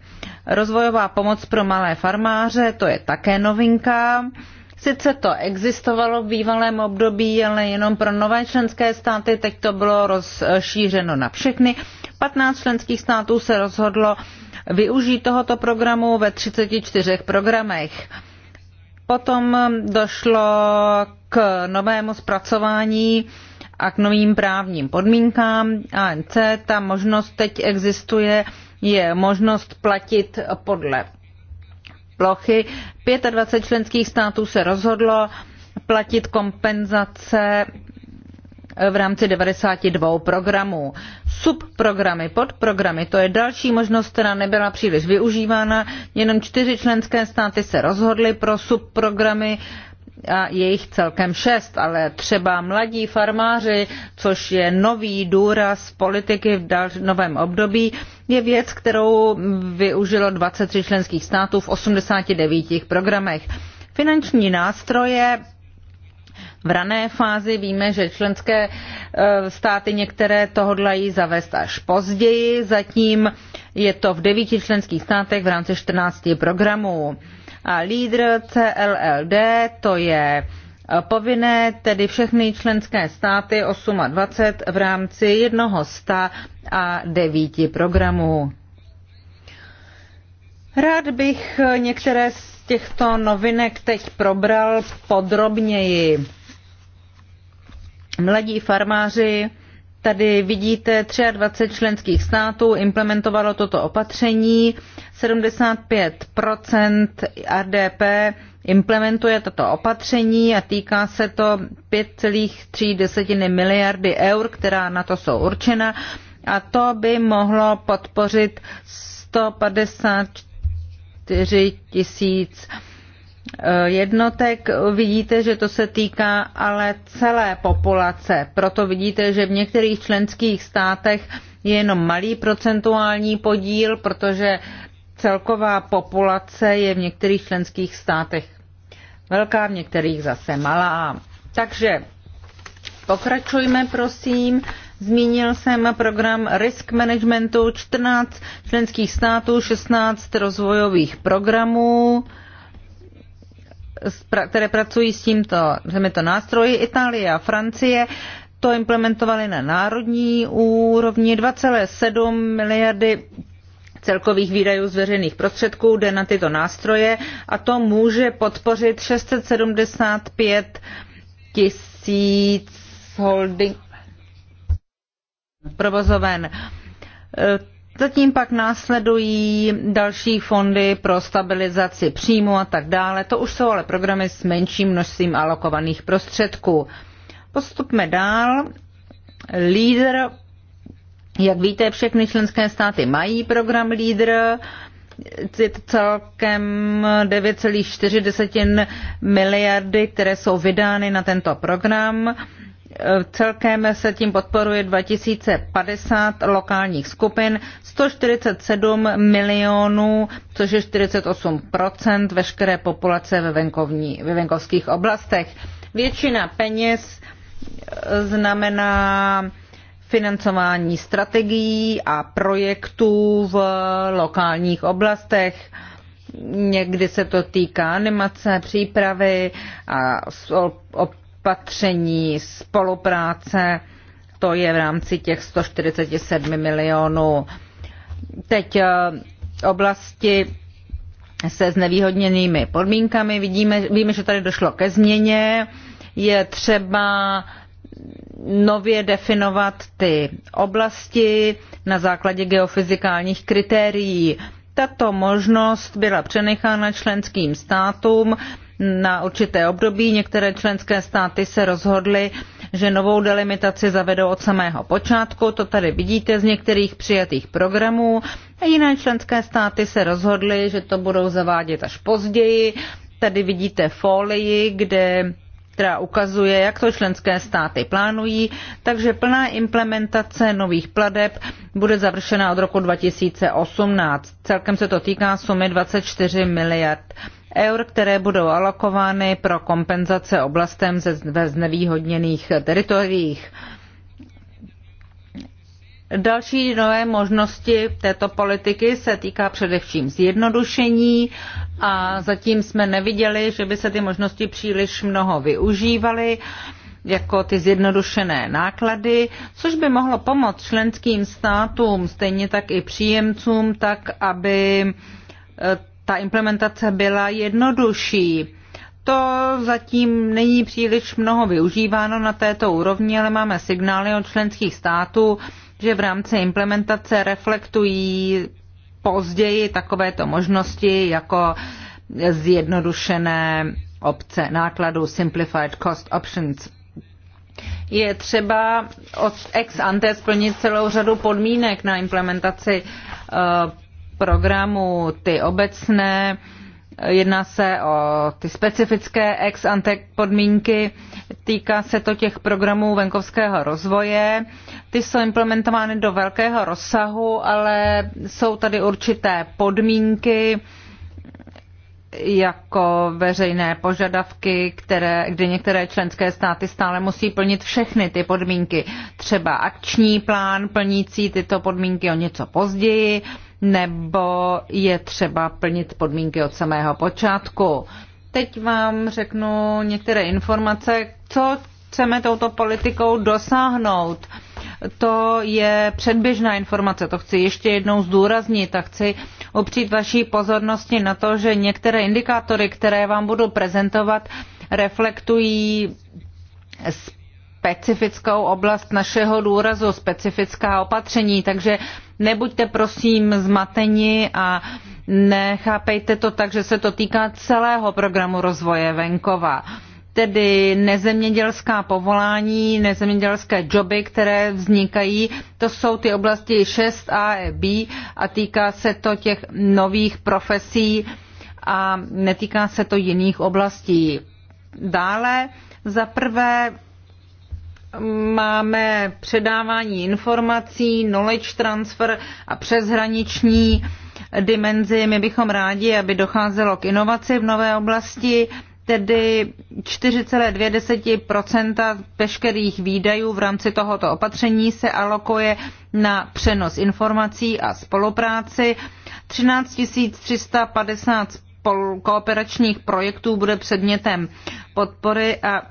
Rozvojová pomoc pro malé farmáře, to je také novinka. Sice to existovalo v bývalém období, ale jenom pro nové členské státy, teď to bylo rozšířeno na všechny. 15 členských států se rozhodlo využít tohoto programu ve 34 programech. Potom došlo k novému zpracování a k novým právním podmínkám ANC. Ta možnost teď existuje, je možnost platit podle plochy. 25 členských států se rozhodlo platit kompenzace v rámci 92 programů. Subprogramy, podprogramy, to je další možnost, která nebyla příliš využívána. Jenom čtyři členské státy se rozhodly pro subprogramy a je jich celkem šest, ale třeba mladí farmáři, což je nový důraz politiky v dal- novém období, je věc, kterou využilo 23 členských států v 89 programech. Finanční nástroje v rané fázi víme, že členské e, státy některé to hodlají zavést až později, zatím je to v devíti členských státech v rámci 14 programů. A lídr CLLD to je e, povinné tedy všechny členské státy 28 v rámci jednoho sta a devíti programů. Rád bych e, některé z těchto novinek teď probral podrobněji. Mladí farmáři, tady vidíte 23 členských států implementovalo toto opatření, 75 RDP implementuje toto opatření a týká se to 5,3 miliardy eur, která na to jsou určena a to by mohlo podpořit 154 tisíc 000 Eh, jednotek. Vidíte, že to se týká ale celé populace. Proto vidíte, že v některých členských státech je jenom malý procentuální podíl, protože celková populace je v některých členských státech velká, v některých zase malá. Takže pokračujme, prosím. Zmínil jsem program risk managementu 14 členských států, 16 rozvojových programů které pracují s tímto, to nástroji, Itálie a Francie, to implementovali na národní úrovni 2,7 miliardy celkových výdajů z veřejných prostředků jde na tyto nástroje a to může podpořit 675 tisíc holding provozoven. E, Zatím pak následují další fondy pro stabilizaci příjmu a tak dále. To už jsou ale programy s menším množstvím alokovaných prostředků. Postupme dál. Lídr, jak víte, všechny členské státy mají program Lídr. Je to celkem 9,4 miliardy, které jsou vydány na tento program Celkem se tím podporuje 2050 lokálních skupin, 147 milionů, což je 48 veškeré populace ve, venkovní, ve venkovských oblastech. Většina peněz e, znamená financování strategií a projektů v lokálních oblastech. Někdy se to týká animace, přípravy a opatření spolupráce, to je v rámci těch 147 milionů. Teď eh, oblasti se znevýhodněnými podmínkami. Vidíme, víme, že tady došlo ke změně. Je třeba nově definovat ty oblasti na základě geofyzikálních kritérií. Tato možnost byla přenechána členským státům na určité období. Některé členské státy se rozhodly, že novou delimitaci zavedou od samého počátku. To tady vidíte z některých přijatých programů. A jiné členské státy se rozhodly, že to budou zavádět až později. Tady vidíte folii, kde která ukazuje, jak to členské státy plánují, takže plná implementace nových pladeb bude završena od roku 2018. Celkem se to týká sumy 24 miliard eur, které budou alokovány pro kompenzace oblastem ve znevýhodněných teritoriích. Další nové možnosti této politiky se týká především zjednodušení a zatím jsme neviděli, že by se ty možnosti příliš mnoho využívaly jako ty zjednodušené náklady, což by mohlo pomoct členským státům, stejně tak i příjemcům, tak aby eh, ta implementace byla jednodušší. To zatím není příliš mnoho využíváno na této úrovni, ale máme signály od členských států, že v rámci implementace reflektují později takovéto možnosti jako zjednodušené obce nákladů Simplified Cost Options. Je třeba od ex ante splnit celou řadu podmínek na implementaci eh, programu ty obecné, jedná se o ty specifické ex ante podmínky, týká se to těch programů venkovského rozvoje. Ty jsou implementovány do velkého rozsahu, ale jsou tady určité podmínky, jako veřejné požadavky, které, kdy některé členské státy stále musí plnit všechny ty podmínky. Třeba akční plán plnící tyto podmínky o něco později, nebo je třeba plnit podmínky od samého počátku. Teď vám řeknu některé informace, co chceme touto politikou dosáhnout. To je předběžná informace, to chci ještě jednou zdůraznit a chci upřít vaší pozornosti na to, že některé indikátory, které vám budu prezentovat, reflektují specifickou oblast našeho důrazu, specifická opatření, takže nebuďte prosím zmateni a nechápejte to tak, že se to týká celého programu rozvoje venkova. Tedy nezemědělská povolání, nezemědělské joby, které vznikají, to jsou ty oblasti 6a e, B a týká se to těch nových profesí a netýká se to jiných oblastí. Dále za prvé máme předávání informací, knowledge transfer a přeshraniční dimenzi. My bychom rádi, aby docházelo k inovaci v nové oblasti, tedy 4,2 veškerých výdajů v rámci tohoto opatření se alokuje na přenos informací a spolupráci. 13 350 kooperačních projektů bude předmětem podpory a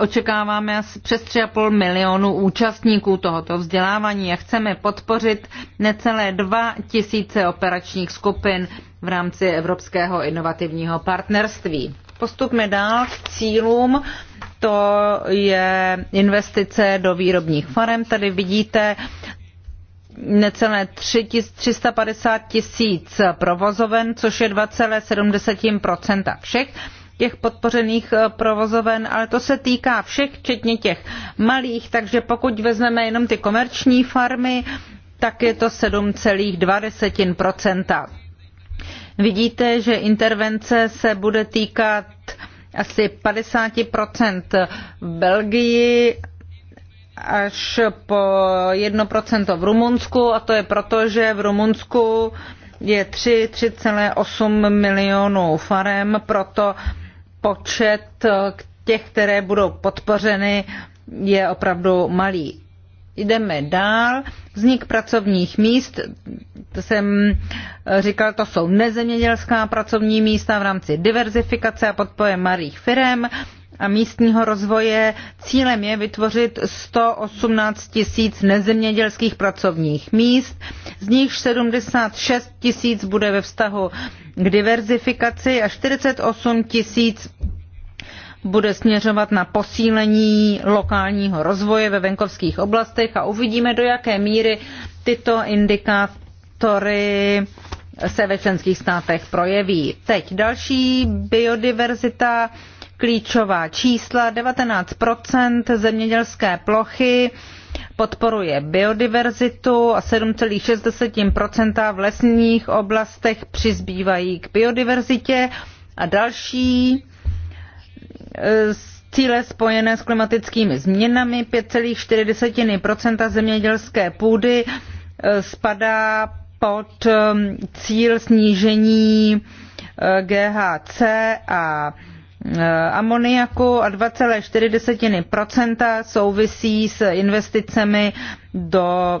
Očekáváme asi přes 3,5 milionu účastníků tohoto vzdělávání a chceme podpořit necelé 2 tisíce operačních skupin v rámci Evropského inovativního partnerství. Postupme dál k cílům. To je investice do výrobních farem. Tady vidíte necelé 350 tisíc provozoven, což je 2,7 všech těch podpořených eh, provozoven, ale to se týká všech, včetně těch malých, takže pokud vezmeme jenom ty komerční farmy, tak je to 7,2 Vidíte, že intervence se bude týkat asi 50 v Belgii až po 1 v Rumunsku a to je proto, že v Rumunsku je 3,8 milionů farem, proto počet eh, těch, které budou podpořeny, je opravdu malý. Jdeme dál. Vznik pracovních míst, to jsem eh, říkal, to jsou nezemědělská pracovní místa v rámci diverzifikace a podpoje malých firm a místního rozvoje. Cílem je vytvořit 118 tisíc nezemědělských pracovních míst, z nich 76 tisíc bude ve vztahu k diverzifikaci a 48 tisíc bude směřovat na posílení lokálního rozvoje ve venkovských oblastech a uvidíme, do jaké míry tyto indikátory se ve členských státech projeví. Teď další biodiverzita klíčová čísla. 19 zemědělské plochy podporuje biodiverzitu a 7,6 v lesních oblastech přizbývají k biodiverzitě. A další e, cíle spojené s klimatickými změnami 5,4 zemědělské půdy e, spadá pod e, cíl snížení GHC a Eh, amoniaku a 2,4 souvisí s investicemi do eh,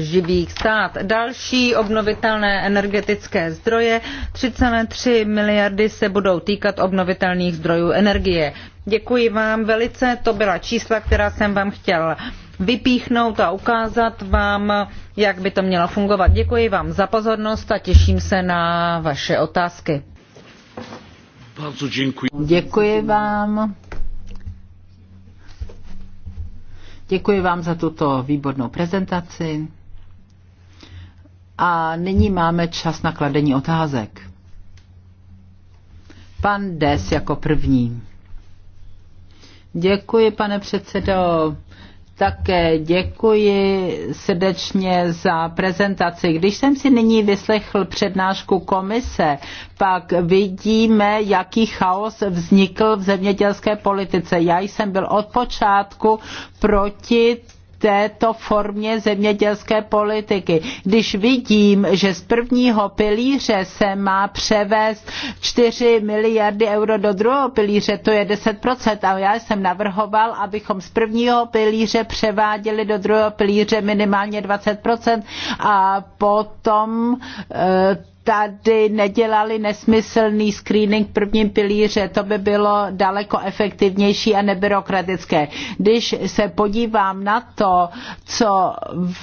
živých stát. Další obnovitelné energetické zdroje 3,3 miliardy se budou týkat obnovitelných zdrojů energie. Děkuji vám velice, to byla čísla, která jsem vám chtěl vypíchnout a ukázat vám, jak by to mělo fungovat. Děkuji vám za pozornost a těším se na vaše otázky děkuji. Děkuji vám. Děkuji vám za tuto výbornou prezentaci. A nyní máme čas na kladení otázek. Pan Des jako první. Děkuji, pane předsedo také děkuji srdečně za prezentaci. Když jsem si nyní vyslechl přednášku komise, pak vidíme, jaký chaos vznikl v zemědělské politice. Já jsem byl od počátku proti této formě zemědělské politiky. Když vidím, že z prvního pilíře se má převést 4 miliardy euro do druhého pilíře, to je 10%, a já jsem navrhoval, abychom z prvního pilíře převáděli do druhého pilíře minimálně 20% a potom e, tady nedělali nesmyslný screening v prvním pilíře, to by bylo daleko efektivnější a nebyrokratické. Když se podívám na to, co v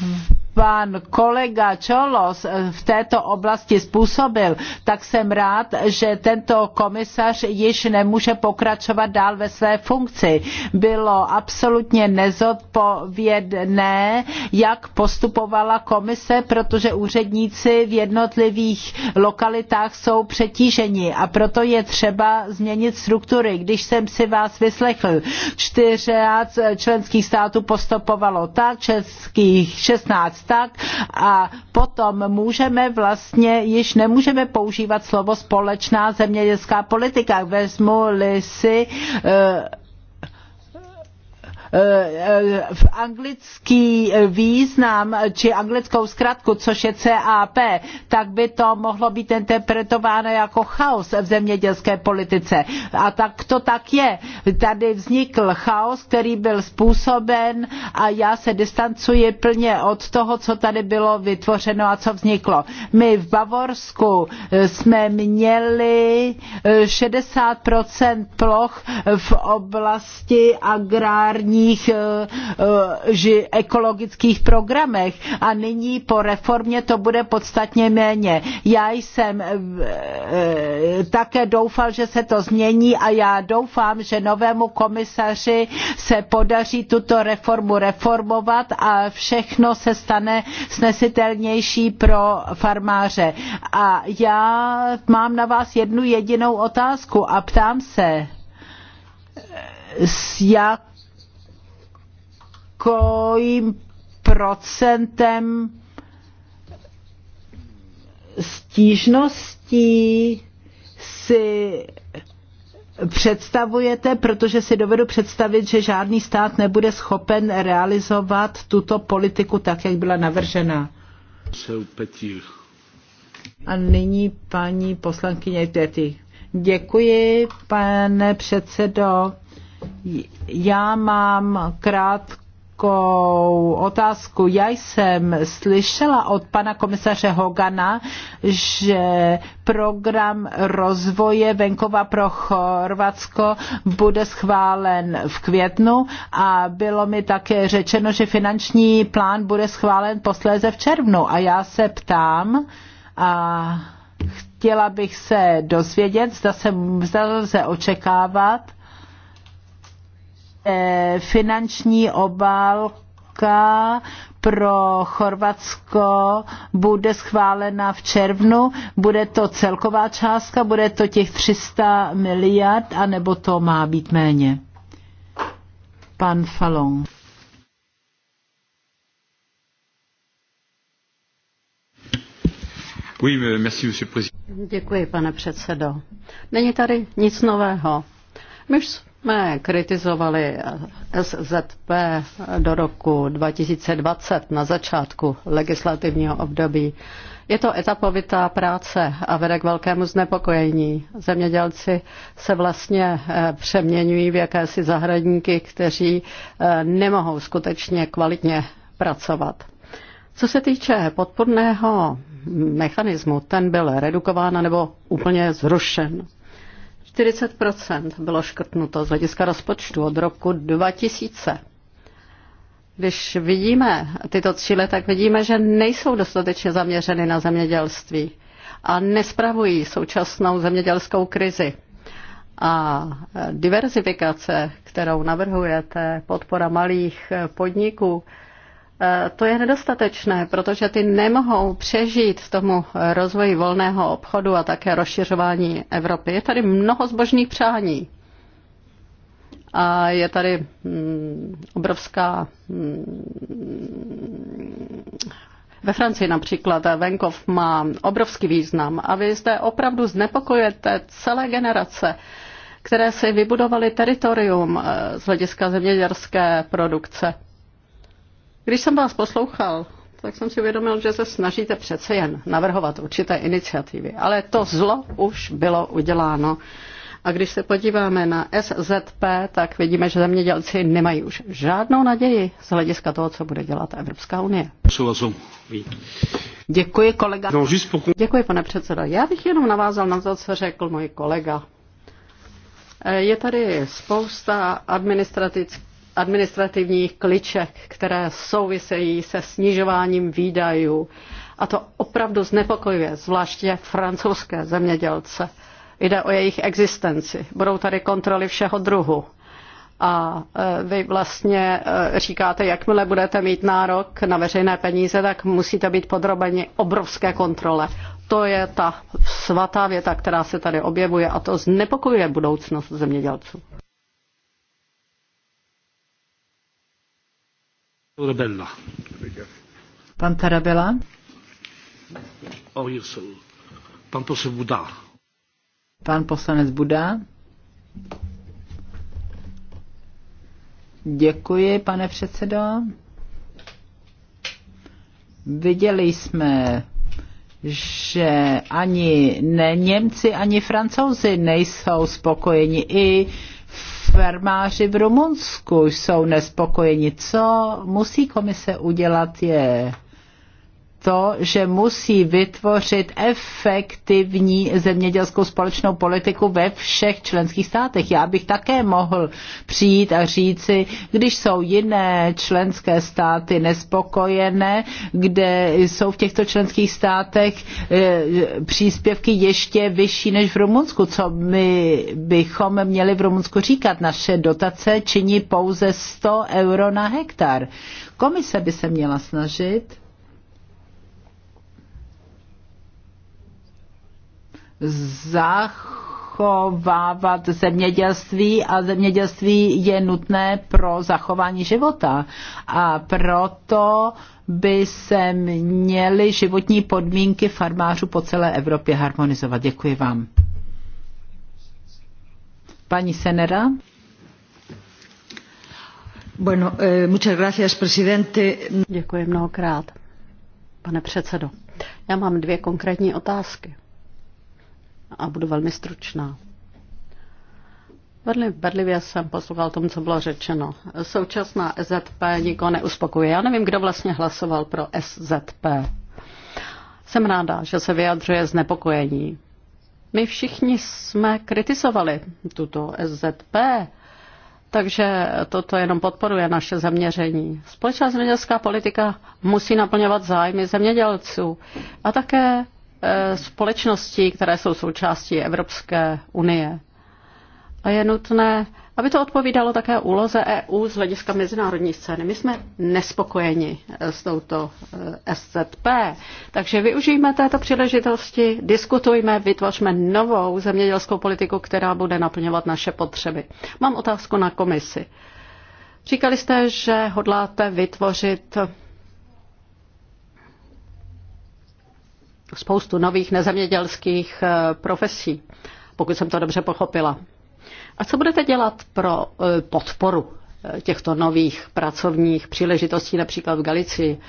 pan kolega Čolos v této oblasti způsobil, tak jsem rád, že tento komisař již nemůže pokračovat dál ve své funkci. Bylo absolutně nezodpovědné, jak postupovala komise, protože úředníci v jednotlivých lokalitách jsou přetíženi a proto je třeba změnit struktury. Když jsem si vás vyslechl, 14 členských států postupovalo tak, českých 16 tak a potom můžeme vlastně, již nemůžeme používat slovo společná zemědělská politika. Vezmu-li si uh, Eh, eh, v anglický eh, význam či anglickou zkratku, což je CAP, tak by to mohlo být interpretováno jako chaos v zemědělské politice. A tak to tak je. Tady vznikl chaos, který byl způsoben a já se distancuji plně od toho, co tady bylo vytvořeno a co vzniklo. My v Bavorsku jsme měli 60% ploch v oblasti agrární různých eh, eh, ekologických programech a nyní po reformě to bude podstatně méně. Já jsem eh, také doufal, že se to změní a já doufám, že novému komisaři se podaří tuto reformu reformovat a všechno se stane snesitelnější pro farmáře. A já mám na vás jednu jedinou otázku a ptám se, jak jakým procentem stížností si představujete, protože si dovedu představit, že žádný stát nebude schopen realizovat tuto politiku tak, jak byla navržena. A nyní paní poslankyně Tety. Děkuji, pane předsedo. Já mám krátkou takovou otázku. Já jsem slyšela od pana komisaře Hogana, že program rozvoje venkova pro Chorvatsko bude schválen v květnu a bylo mi také řečeno, že finanční plán bude schválen posléze v červnu. A já se ptám a chtěla bych se dozvědět, zda se zda lze očekávat, Eh, finanční obálka pro Chorvatsko bude schválena v červnu. Bude to celková částka, bude to těch 300 miliard, anebo to má být méně? Pan Falon. Děkuji, pane předsedo. Není tady nic nového. My už jsme kritizovali SZP do roku 2020 na začátku legislativního období. Je to etapovitá práce a vede k velkému znepokojení. Zemědělci se vlastně eh, přeměňují v jakési zahradníky, kteří eh, nemohou skutečně kvalitně pracovat. Co se týče podporného mechanismu, ten byl redukován nebo úplně zrušen. 40 bylo škrtnuto z hlediska rozpočtu od roku 2000. Když vidíme tyto cíle, tak vidíme, že nejsou dostatečně zaměřeny na zemědělství a nespravují současnou zemědělskou krizi. A diverzifikace, kterou navrhujete, podpora malých podniků, to je nedostatečné, protože ty nemohou přežít tomu rozvoji volného obchodu a také rozšiřování Evropy. Je tady mnoho zbožných přání. A je tady mm, obrovská. Mm, ve Francii například venkov má obrovský význam a vy zde opravdu znepokojujete celé generace, které si vybudovaly teritorium eh, z hlediska zemědělské produkce. Když jsem vás poslouchal, tak jsem si uvědomil, že se snažíte přece jen navrhovat určité iniciativy. Ale to zlo už bylo uděláno. A když se podíváme na SZP, tak vidíme, že zemědělci nemají už žádnou naději z hlediska toho, co bude dělat Evropská unie. Děkuji, kolega. No, Děkuji, pane předsedo. Já bych jenom navázal na to, co řekl můj kolega. Je tady spousta administrativních administrativních kliček, které souvisejí se snižováním výdajů. A to opravdu znepokojuje, zvláště francouzské zemědělce. Jde o jejich existenci. Budou tady kontroly všeho druhu. A e, vy vlastně e, říkáte, jakmile budete mít nárok na veřejné peníze, tak musíte být podrobeni obrovské kontrole. To je ta svatá věta, která se tady objevuje a to znepokojuje budoucnost zemědělců. Rebella. Pan Tarabela. Oh, Pan poslanec Buda. Pan poslanec Buda. Děkuji, pane předsedo. Viděli jsme, že ani ne Němci, ani Francouzi nejsou spokojeni. I Farmáři v Rumunsku jsou nespokojeni. Co musí komise udělat je to, že musí vytvořit efektivní zemědělskou společnou politiku ve všech členských státech. Já bych také mohl přijít a říci, když jsou jiné členské státy nespokojené, kde jsou v těchto členských státech eh, příspěvky ještě vyšší než v Rumunsku, co my bychom měli v Rumunsku říkat. Naše dotace činí pouze 100 euro na hektar. Komise by se měla snažit zachovávat zemědělství a zemědělství je nutné pro zachování života. A proto by se měly životní podmínky farmářů po celé Evropě harmonizovat. Děkuji vám. Paní Senera. Bueno, eh, muchas gracias, presidente. Děkuji mnohokrát, pane předsedo. Já mám dvě konkrétní otázky a budu velmi stručná. Bedlivě jsem poslouchal tomu, co bylo řečeno. Současná SZP nikoho neuspokuje. Já nevím, kdo vlastně hlasoval pro SZP. Jsem ráda, že se vyjadřuje znepokojení. My všichni jsme kritizovali tuto SZP, takže toto jenom podporuje naše zaměření. Společná zemědělská politika musí naplňovat zájmy zemědělců a také Eh, společností, které jsou součástí Evropské unie. A je nutné, aby to odpovídalo také úloze EU z hlediska mezinárodní scény. My jsme nespokojeni eh, s touto eh, SZP, takže využijme této příležitosti, diskutujme, vytvořme novou zemědělskou politiku, která bude naplňovat naše potřeby. Mám otázku na komisi. Říkali jste, že hodláte vytvořit spoustu nových nezemědělských eh, profesí, pokud jsem to dobře pochopila. A co budete dělat pro eh, podporu eh, těchto nových pracovních příležitostí, například v Galicii,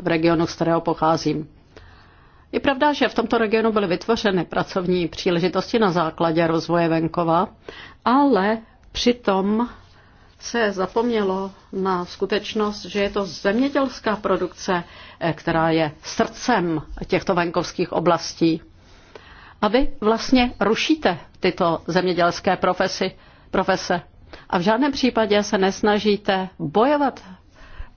v regionu, z kterého pocházím? Je pravda, že v tomto regionu byly vytvořeny pracovní příležitosti na základě rozvoje venkova, ale přitom se zapomnělo na skutečnost, že je to zemědělská produkce, eh, která je srdcem těchto venkovských oblastí. A vy vlastně rušíte tyto zemědělské profesy, profese. A v žádném případě se nesnažíte bojovat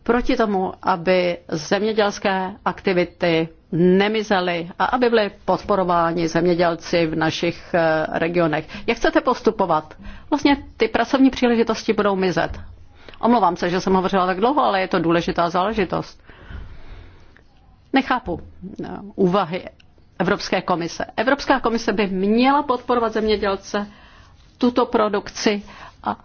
proti tomu, aby zemědělské aktivity nemizely a aby byly podporováni zemědělci v našich eh, regionech. Jak chcete postupovat? Vlastně ty pracovní příležitosti budou mizet. Omlouvám se, že jsem hovořila tak dlouho, ale je to důležitá záležitost. Nechápu eh, úvahy Evropské komise. Evropská komise by měla podporovat zemědělce tuto produkci a,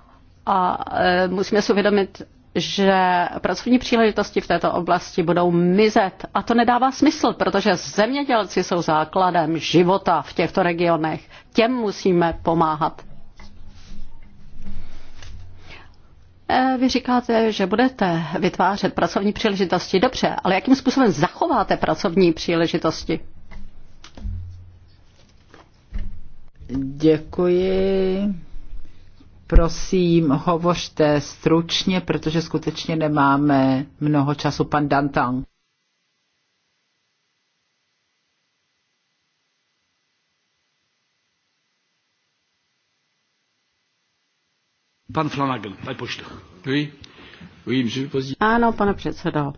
a eh, musíme si uvědomit, že pracovní příležitosti v této oblasti budou mizet. A to nedává smysl, protože zemědělci jsou základem života v těchto regionech. Těm musíme pomáhat. E, vy říkáte, že budete vytvářet pracovní příležitosti. Dobře, ale jakým způsobem zachováte pracovní příležitosti? Děkuji. Prosím, hovořte stručně, protože skutečně nemáme mnoho času. Pan Dantang. Pan Flanagan, tady pošta. Oui. Oui, monsieur Ano, pane předsedo.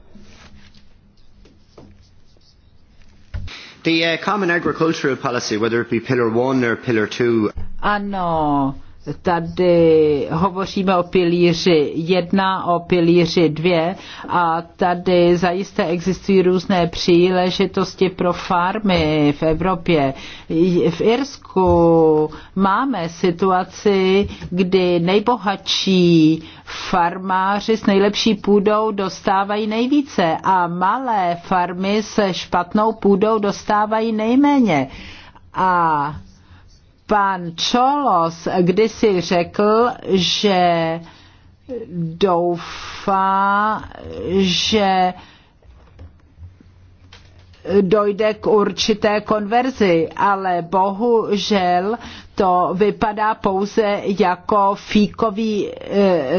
The uh, common agricultural policy, whether it be pillar one or pillar two. Ano, tady hovoříme o pilíři 1, o pilíři 2 a tady zajisté existují různé příležitosti pro farmy v Evropě. V Irsku máme situaci, kdy nejbohatší farmáři s nejlepší půdou dostávají nejvíce a malé farmy se špatnou půdou dostávají nejméně. A pan Čolos kdysi řekl, že doufá, že dojde k určité konverzi, ale bohužel to vypadá pouze jako fíkový e, e,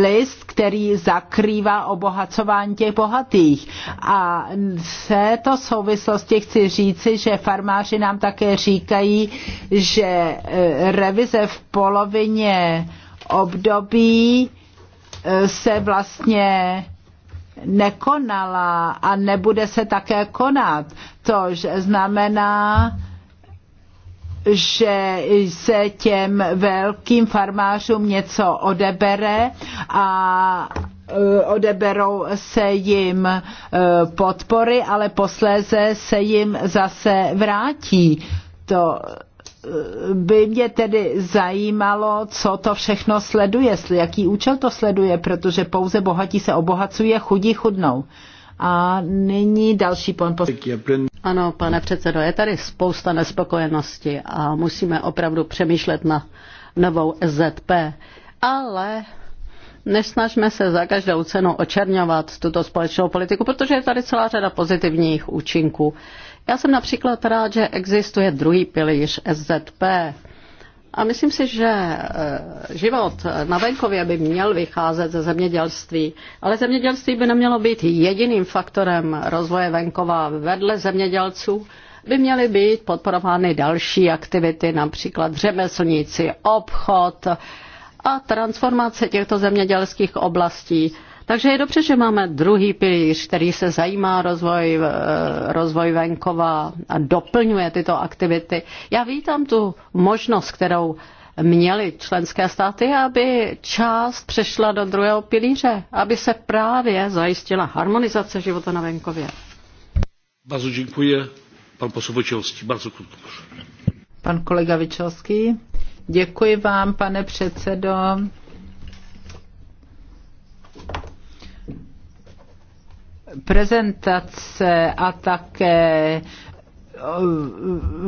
list, který zakrývá obohacování těch bohatých. A v této souvislosti chci říci, že farmáři nám také říkají, že e, revize v polovině období se vlastně nekonala a nebude se také konat. Což znamená, že se těm velkým farmářům něco odebere a eh, odeberou se jim eh, podpory, ale posléze se jim zase vrátí. To eh, by mě tedy zajímalo, co to všechno sleduje, jaký účel to sleduje, protože pouze bohatí se obohacuje, chudí chudnou. A nyní další pan poslanec. Ano, pane předsedo, je tady spousta nespokojenosti a musíme opravdu přemýšlet na novou SZP. Ale nesnažme se za každou cenu očerňovat tuto společnou politiku, protože je tady celá řada pozitivních účinků. Já jsem například rád, že existuje druhý pilíř SZP a myslím si, že eh, život na venkově by měl vycházet ze zemědělství, ale zemědělství by nemělo být jediným faktorem rozvoje venkova. Vedle zemědělců by měly být podporovány další aktivity, například řemeslníci, obchod a transformace těchto zemědělských oblastí takže je dobře, že máme druhý pilíř, který se zajímá rozvoj, eh, rozvoj venkova a doplňuje tyto aktivity. Já vítám tu možnost, kterou měly členské státy, aby část přešla do druhého pilíře, aby se právě zajistila harmonizace života na venkově. Bardzo děkuji. Pan poseł Wojciechowski, bardzo krótko Pan kolega Vyčelský. Děkuji vám, pane předsedo. prezentace a také eh,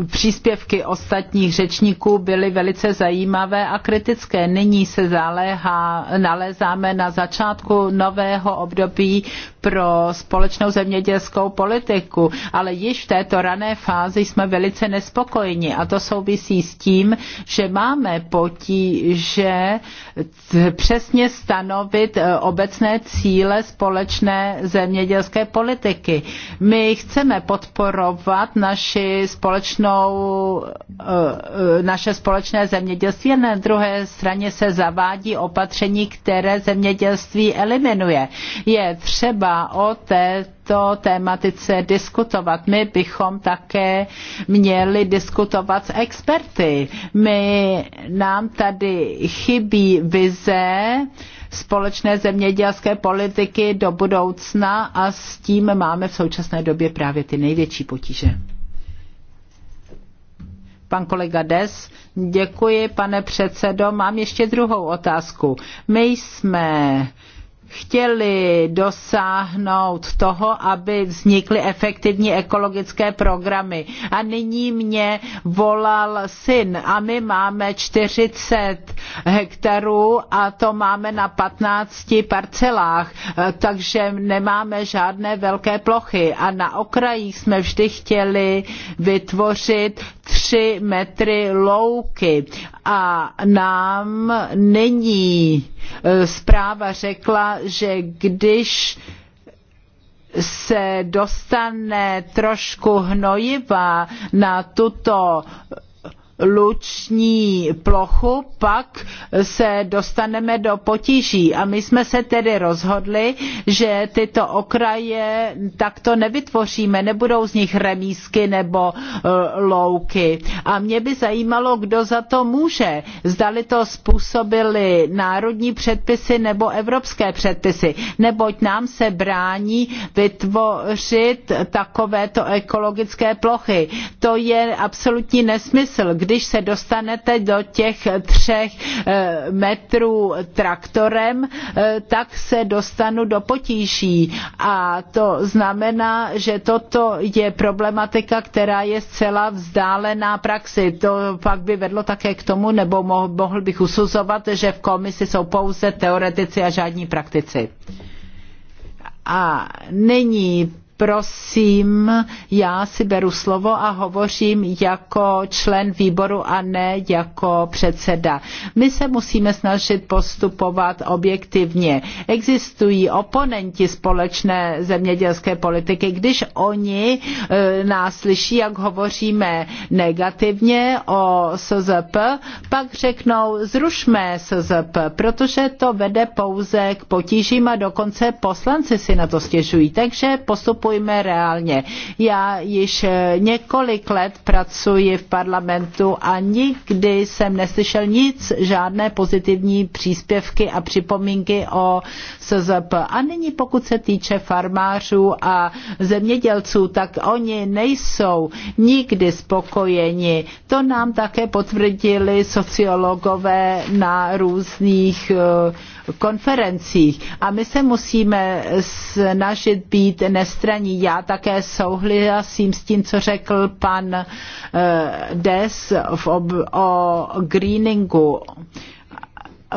příspěvky ostatních řečníků byly velice zajímavé a kritické. Nyní se zaléhá, nalézáme na začátku nového období pro společnou zemědělskou politiku, ale již v této rané fázi jsme velice nespokojeni a to souvisí s tím, že máme potíže přesně stanovit eh, obecné cíle společné zemědělské politiky. My chceme podporovat naši společnou, eh, eh, naše společné zemědělství a na druhé straně se zavádí opatření, které zemědělství eliminuje. Je třeba potřeba o této tématice diskutovat. My bychom také měli diskutovat s experty. My, nám tady chybí vize společné zemědělské politiky do budoucna a s tím máme v současné době právě ty největší potíže pan kolega Des. Děkuji, pane předsedo. Mám ještě druhou otázku. My jsme chtěli dosáhnout toho, aby vznikly efektivní ekologické programy. A nyní mě volal syn a my máme 40 hektarů a to máme na 15 parcelách, eh, takže nemáme žádné velké plochy a na okrajích jsme vždy chtěli vytvořit 3 metry louky a nám není Eh, zpráva řekla, že když se dostane trošku hnojiva na tuto luční plochu, pak se dostaneme do potíží. A my jsme se tedy rozhodli, že tyto okraje takto nevytvoříme, nebudou z nich remísky nebo e, louky. A mě by zajímalo, kdo za to může. Zdali to způsobily národní předpisy nebo evropské předpisy. Neboť nám se brání vytvořit takovéto ekologické plochy. To je absolutní nesmysl když se dostanete do těch třech eh, metrů traktorem, eh, tak se dostanu do potíží. A to znamená, že toto je problematika, která je zcela vzdálená praxi. To pak by vedlo také k tomu, nebo mohl bych usuzovat, že v komisi jsou pouze teoretici a žádní praktici. A nyní prosím, já si beru slovo a hovořím jako člen výboru a ne jako předseda. My se musíme snažit postupovat objektivně. Existují oponenti společné zemědělské politiky. Když oni e, nás slyší, jak hovoříme negativně o SZP, pak řeknou, zrušme SZP, protože to vede pouze k potížím a dokonce poslanci si na to stěžují. Takže postupují postupujme reálně. Já již eh, několik let pracuji v parlamentu a nikdy jsem neslyšel nic, žádné pozitivní příspěvky a připomínky o SZP. A nyní pokud se týče farmářů a zemědělců, tak oni nejsou nikdy spokojeni. To nám také potvrdili sociologové na různých eh, konferencích. A my se musíme snažit být nestraní. Já také souhlasím s tím, co řekl pan eh, Des v ob- o greeningu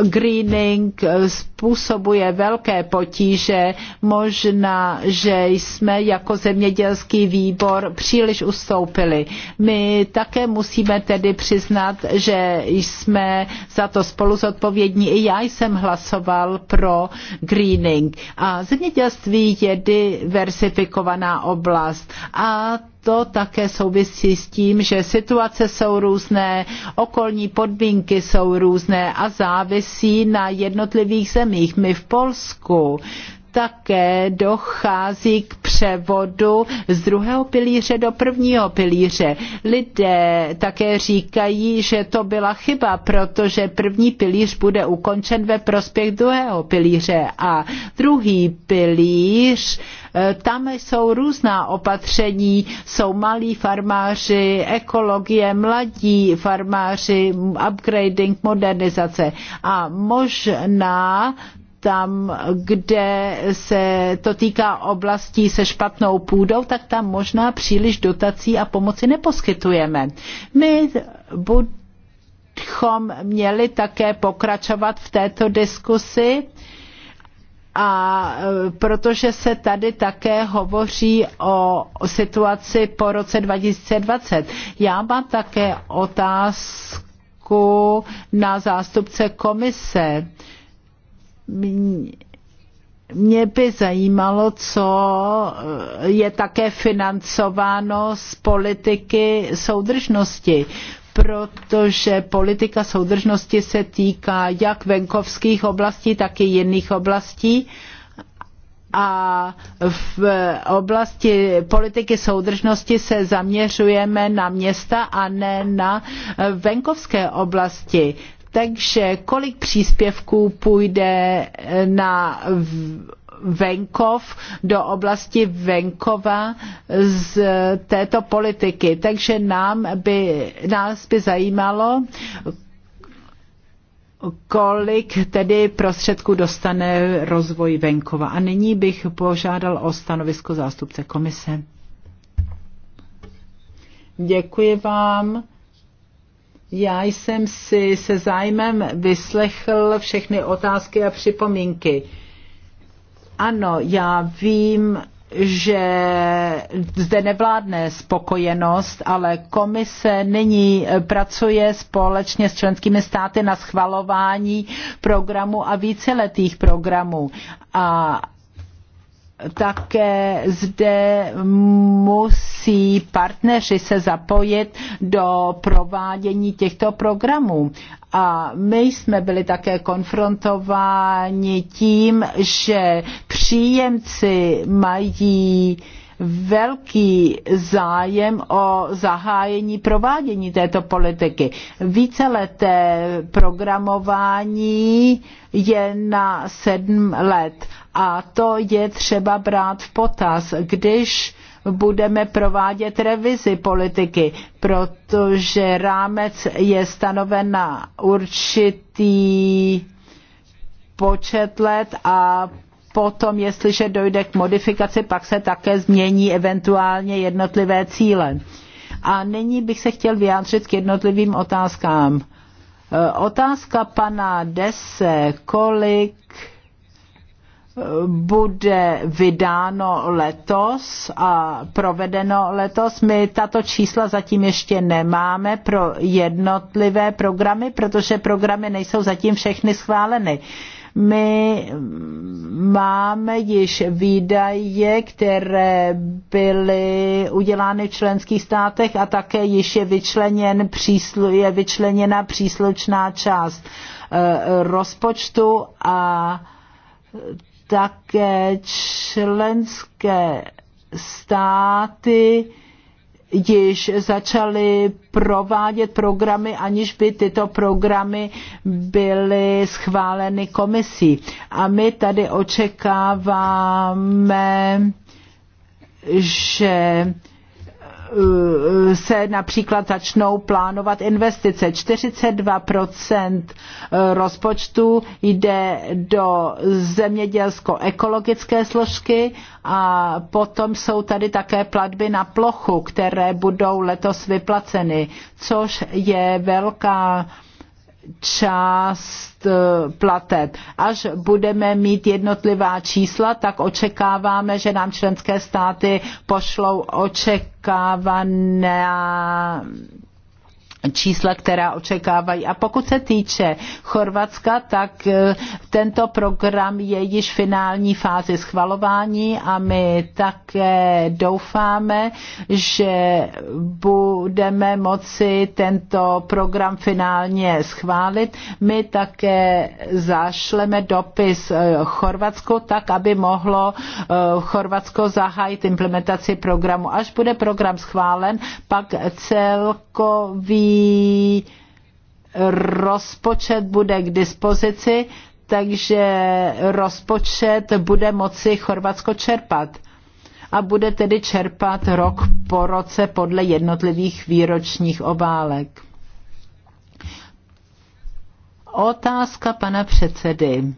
greening eh, způsobuje velké potíže. Možná, že jsme jako zemědělský výbor příliš ustoupili. My také musíme tedy přiznat, že jsme za to spolu zodpovědní. I já jsem hlasoval pro greening. A zemědělství je diversifikovaná oblast. A to také souvisí s tím, že situace jsou různé, okolní podmínky jsou různé a závisí na jednotlivých zemích. My v Polsku také dochází k převodu z druhého pilíře do prvního pilíře. Lidé také říkají, že to byla chyba, protože první pilíř bude ukončen ve prospěch druhého pilíře a druhý pilíř eh, tam jsou různá opatření, jsou malí farmáři, ekologie, mladí farmáři, upgrading, modernizace. A možná tam, kde se to týká oblastí se špatnou půdou, tak tam možná příliš dotací a pomoci neposkytujeme. My bychom měli také pokračovat v této diskusi a e, protože se tady také hovoří o situaci po roce 2020. Já mám také otázku na zástupce komise mě by zajímalo, co eh, je také financováno z politiky soudržnosti, protože politika soudržnosti se týká jak venkovských oblastí, tak i jiných oblastí a v oblasti politiky soudržnosti se zaměřujeme na města a ne na venkovské oblasti. Takže kolik příspěvků půjde eh, na venkov do oblasti venkova z této politiky. Takže nám by, nás by zajímalo, kolik tedy prostředků dostane rozvoj venkova. A nyní bych požádal o stanovisko zástupce komise. Děkuji vám. Já jsem si se zájmem vyslechl všechny otázky a připomínky. Ano, já vím, že zde nevládne spokojenost, ale komise nyní pracuje společně s členskými státy na schvalování programu a víceletých programů. A také zde musí musí partneři se zapojit do provádění těchto programů. A my jsme byli také konfrontováni tím, že příjemci mají velký zájem o zahájení provádění této politiky. Víceleté programování je na sedm let a to je třeba brát v potaz, když budeme provádět revizi politiky, protože rámec je stanoven na určitý počet let a potom, jestliže dojde k modifikaci, pak se také změní eventuálně jednotlivé cíle. A nyní bych se chtěl vyjádřit k jednotlivým otázkám. E, otázka pana Dese, kolik bude vydáno letos a provedeno letos. My tato čísla zatím ještě nemáme pro jednotlivé programy, protože programy nejsou zatím všechny schváleny my máme již výdaje, které byly udělány v členských státech a také již je, vyčleněn, je vyčleněna příslušná část eh, rozpočtu a také členské státy již začaly provádět programy, aniž by tyto programy byly schváleny komisí. A my tady očekáváme, že Eh, se například začnou plánovat investice. 42% eh, rozpočtu jde do zemědělsko-ekologické složky a potom jsou tady také platby na plochu, které budou letos vyplaceny, což je velká část e, plateb. Až budeme mít jednotlivá čísla, tak očekáváme, že nám členské státy pošlou očekávané čísla, která očekávají. A pokud se týče Chorvatska, tak eh, tento program je již v finální fázi schvalování a my také doufáme, že budeme moci tento program finálně schválit. My také zašleme dopis eh, Chorvatsku tak, aby mohlo eh, Chorvatsko zahájit implementaci programu. Až bude program schválen, pak celkový rozpočet bude k dispozici, takže rozpočet bude moci Chorvatsko čerpat a bude tedy čerpat rok po roce podle jednotlivých výročních obálek. Otázka pana předsedy.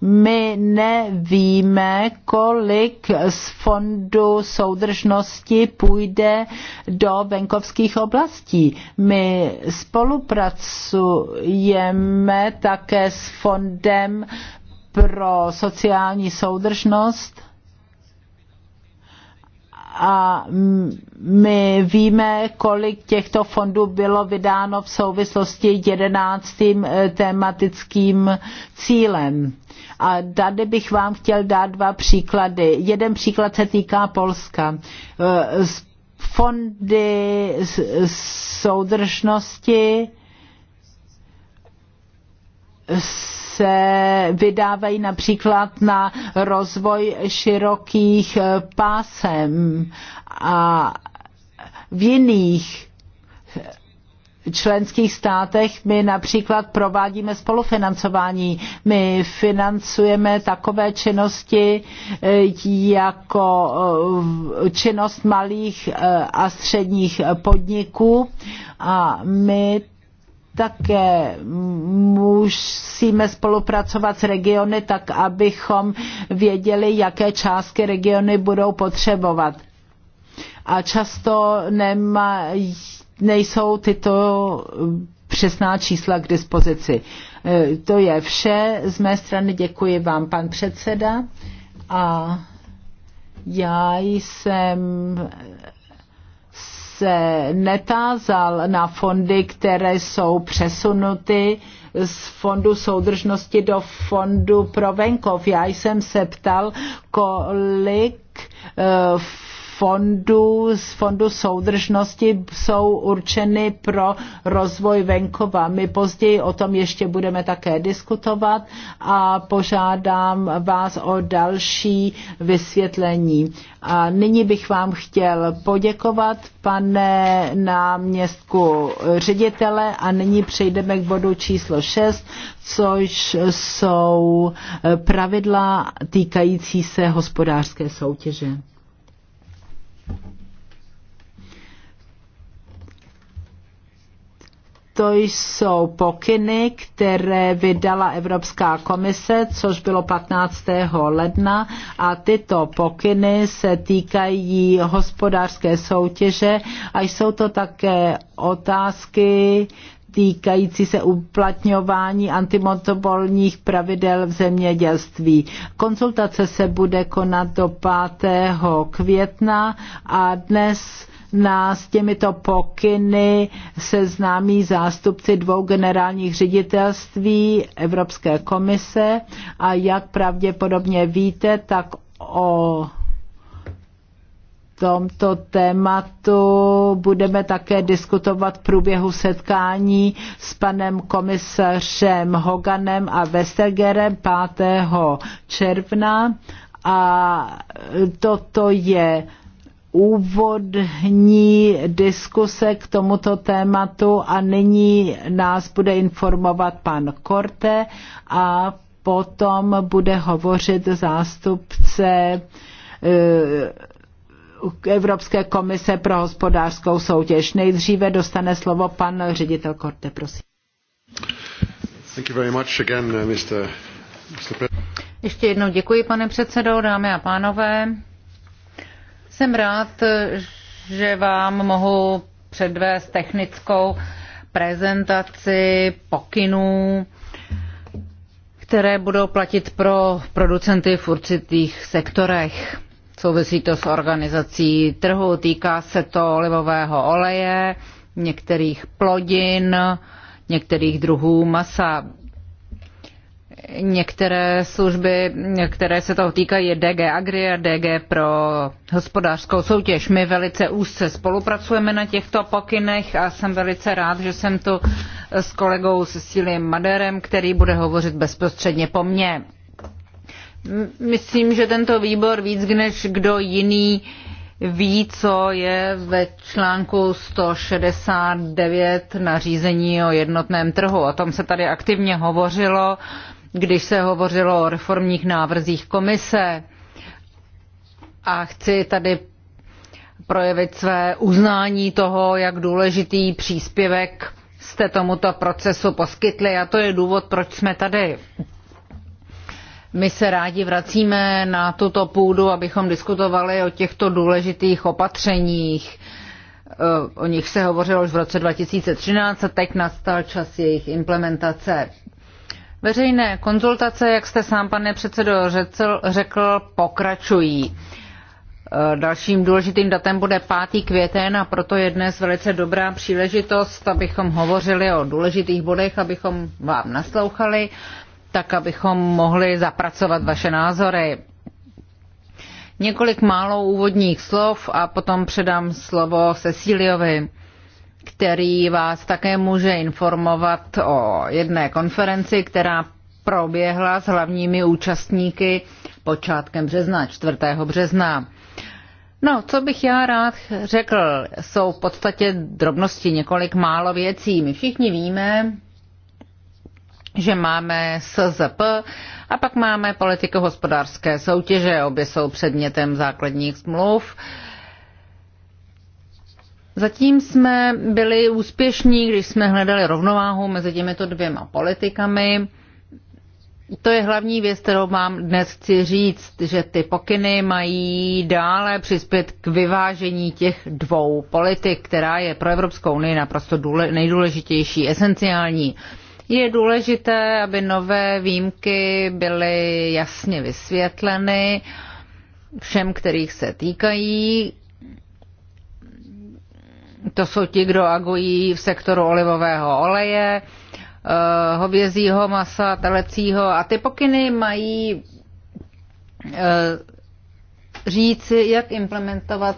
my nevíme, kolik z fondu soudržnosti půjde do venkovských oblastí. My spolupracujeme také s fondem pro sociální soudržnost a my víme, kolik těchto fondů bylo vydáno v souvislosti jedenáctým eh, tematickým cílem. A tady bych vám chtěl dát dva příklady. Jeden příklad se týká Polska. Eh, fondy soudržnosti se vydávají například na rozvoj širokých eh, pásem a v jiných eh, členských státech my například provádíme spolufinancování. My financujeme takové činnosti eh, jako činnost malých a středních podniků a my také musíme spolupracovat s regiony tak, abychom věděli, jaké částky regiony budou potřebovat. A často nema, nejsou tyto přesná čísla k dispozici. E, to je vše. Z mé strany děkuji vám, pan předseda. A já jsem se netázal na fondy, které jsou přesunuty z fondu soudržnosti do fondu pro venkov. Já jsem se ptal, kolik eh, fondů z fondu soudržnosti jsou určeny pro rozvoj venkova. My později o tom ještě budeme také diskutovat a požádám vás o další vysvětlení. A nyní bych vám chtěl poděkovat, pane náměstku ředitele, a nyní přejdeme k bodu číslo 6, což jsou pravidla týkající se hospodářské soutěže. to jsou pokyny, které vydala Evropská komise, což bylo 15. ledna a tyto pokyny se týkají hospodářské soutěže a jsou to také otázky týkající se uplatňování antimotobolních pravidel v zemědělství. Konzultace se bude konat do 5. května a dnes nás těmito pokyny seznámí zástupci dvou generálních ředitelství Evropské komise a jak pravděpodobně víte, tak o tomto tématu budeme také diskutovat v průběhu setkání s panem komisařem Hoganem a Vestergerem 5. června a toto je úvodní diskuse k tomuto tématu a nyní nás bude informovat pan Korte a potom bude hovořit zástupce eh, Evropské komise pro hospodářskou soutěž. Nejdříve dostane slovo pan ředitel Korte, prosím. Thank you very much again, uh, Mr. Mr. Ještě jednou děkuji, pane předsedo, dámy a pánové. Jsem rád, že vám mohu předvést technickou prezentaci pokynů, které budou platit pro producenty v určitých sektorech. Souvisí to s organizací trhu, týká se to olivového oleje, některých plodin, některých druhů masa. Některé služby, které se toho týkají, je DG Agri a DG pro hospodářskou soutěž. My velice úzce spolupracujeme na těchto pokynech a jsem velice rád, že jsem tu s kolegou Cecíliem Maderem, který bude hovořit bezprostředně po mně. Myslím, že tento výbor víc než kdo jiný ví, co je ve článku 169 nařízení o jednotném trhu. O tom se tady aktivně hovořilo když se hovořilo o reformních návrzích komise. A chci tady projevit své uznání toho, jak důležitý příspěvek jste tomuto procesu poskytli a to je důvod, proč jsme tady. My se rádi vracíme na tuto půdu, abychom diskutovali o těchto důležitých opatřeních. E, o nich se hovořilo už v roce 2013 a teď nastal čas jejich implementace. Veřejné konzultace, jak jste sám, pane předsedo, řekl, pokračují. E, dalším důležitým datem bude 5. květen a proto je dnes velice dobrá příležitost, abychom hovořili o důležitých bodech, abychom vám naslouchali, tak abychom mohli zapracovat vaše názory. Několik málo úvodních slov a potom předám slovo Cecíliovi který vás také může informovat o jedné konferenci, která proběhla s hlavními účastníky počátkem března, 4. března. No, co bych já rád řekl, jsou v podstatě drobnosti, několik málo věcí. My všichni víme, že máme SZP a pak máme politiko-hospodářské soutěže, obě jsou předmětem základních smluv. Uh, Zatím jsme byli úspěšní, když jsme hledali rovnováhu mezi těmito dvěma politikami. To je hlavní věc, kterou vám dnes chci říct, že ty pokyny mají dále přispět k vyvážení těch dvou politik, která je pro Evropskou unii naprosto nejdůležitější, esenciální. Je důležité, aby nové výjimky byly jasně vysvětleny všem, kterých se týkají, to jsou ti, kdo agují v sektoru olivového oleje, eh, hovězího masa, telecího a ty pokyny mají eh, říci, jak implementovat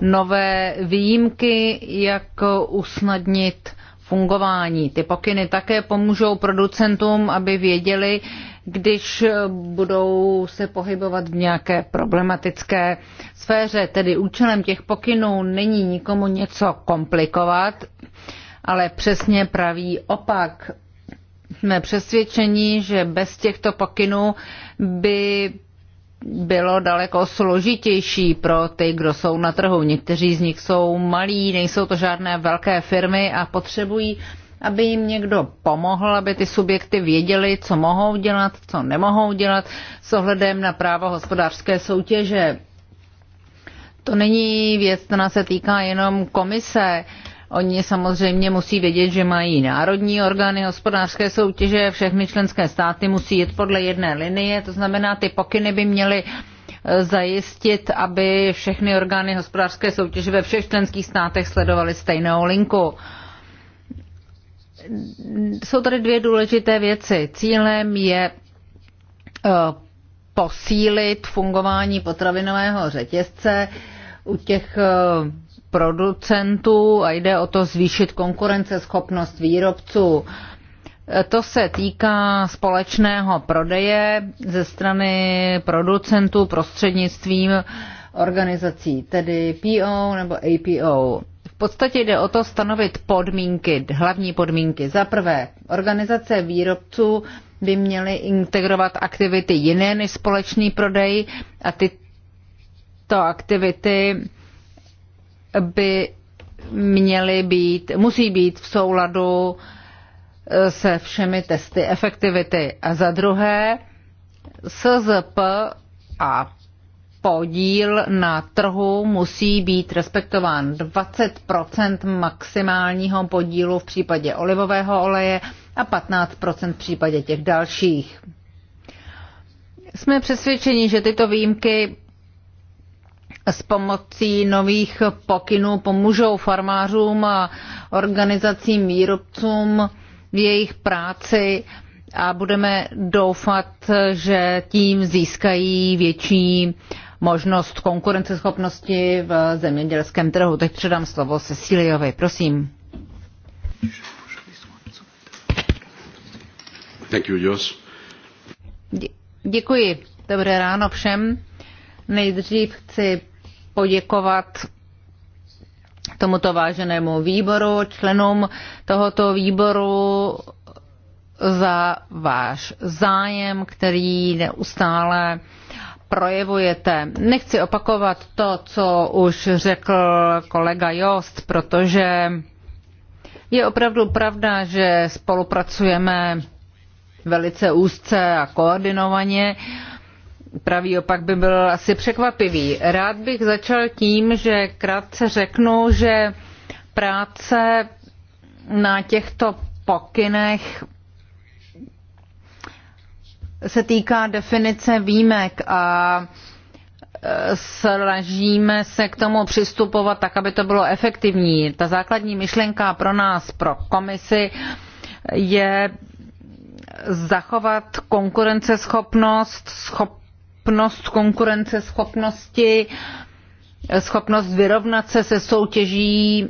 nové výjimky, jak usnadnit fungování. Ty pokyny také pomůžou producentům, aby věděli, když budou se pohybovat v nějaké problematické sféře, tedy účelem těch pokynů není nikomu něco komplikovat, ale přesně pravý opak. Jsme přesvědčeni, že bez těchto pokynů by bylo daleko složitější pro ty, kdo jsou na trhu. Někteří z nich jsou malí, nejsou to žádné velké firmy a potřebují, aby jim někdo pomohl, aby ty subjekty věděli, co mohou dělat, co nemohou dělat s ohledem na právo hospodářské soutěže. To není věc, která se týká jenom komise. Oni samozřejmě musí vědět, že mají národní orgány hospodářské soutěže, všechny členské státy musí jít podle jedné linie, to znamená, ty pokyny by měly eh, zajistit, aby všechny orgány hospodářské soutěže ve všech členských státech sledovaly stejnou linku. Jsou tady dvě důležité věci. Cílem je eh, posílit fungování potravinového řetězce, u těch eh, producentů a jde o to zvýšit konkurenceschopnost výrobců. Eh, to se týká společného prodeje ze strany producentů prostřednictvím organizací, tedy PO nebo APO. V podstatě jde o to stanovit podmínky, hlavní podmínky. Za prvé, organizace výrobců by měly integrovat aktivity jiné než společný prodej a ty tyto aktivity by měly být, musí být v souladu eh, se všemi testy efektivity. A za druhé, SZP a podíl na trhu musí být respektován 20 maximálního podílu v případě olivového oleje a 15 v případě těch dalších. Jsme přesvědčeni, že tyto výjimky s pomocí nových pokynů pomůžou farmářům a organizacím výrobcům v jejich práci a budeme doufat, že tím získají větší možnost konkurenceschopnosti v zemědělském trhu. Teď předám slovo Cecíliovi, prosím. Thank you, Jos. Děkuji. Dobré ráno všem. Nejdřív chci poděkovat tomuto váženému výboru, členům tohoto výboru za váš zájem, který neustále projevujete. Nechci opakovat to, co už řekl kolega Jost, protože je opravdu pravda, že spolupracujeme velice úzce a koordinovaně. Uh, pravý opak by byl asi překvapivý. Rád bych začal tím, že krátce řeknu, že práce na těchto pokynech se týká definice výjimek a e, snažíme se k tomu přistupovat tak, aby to bylo efektivní. Ta základní myšlenka pro nás, pro komisi, je zachovat konkurenceschopnost, schop, schopnost konkurenceschopnosti, schopnost vyrovnat se se soutěží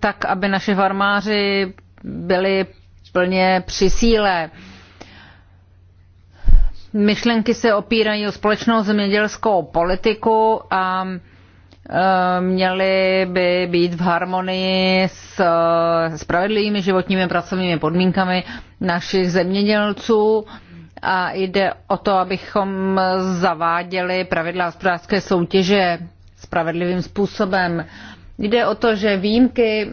tak, aby naši farmáři byli plně při síle. Myšlenky se opírají o společnou zemědělskou politiku a e, měly by být v harmonii s e, spravedlivými životními pracovními podmínkami našich zemědělců a jde o to, abychom zaváděli pravidla hospodářské soutěže spravedlivým způsobem. Jde o to, že výjimky,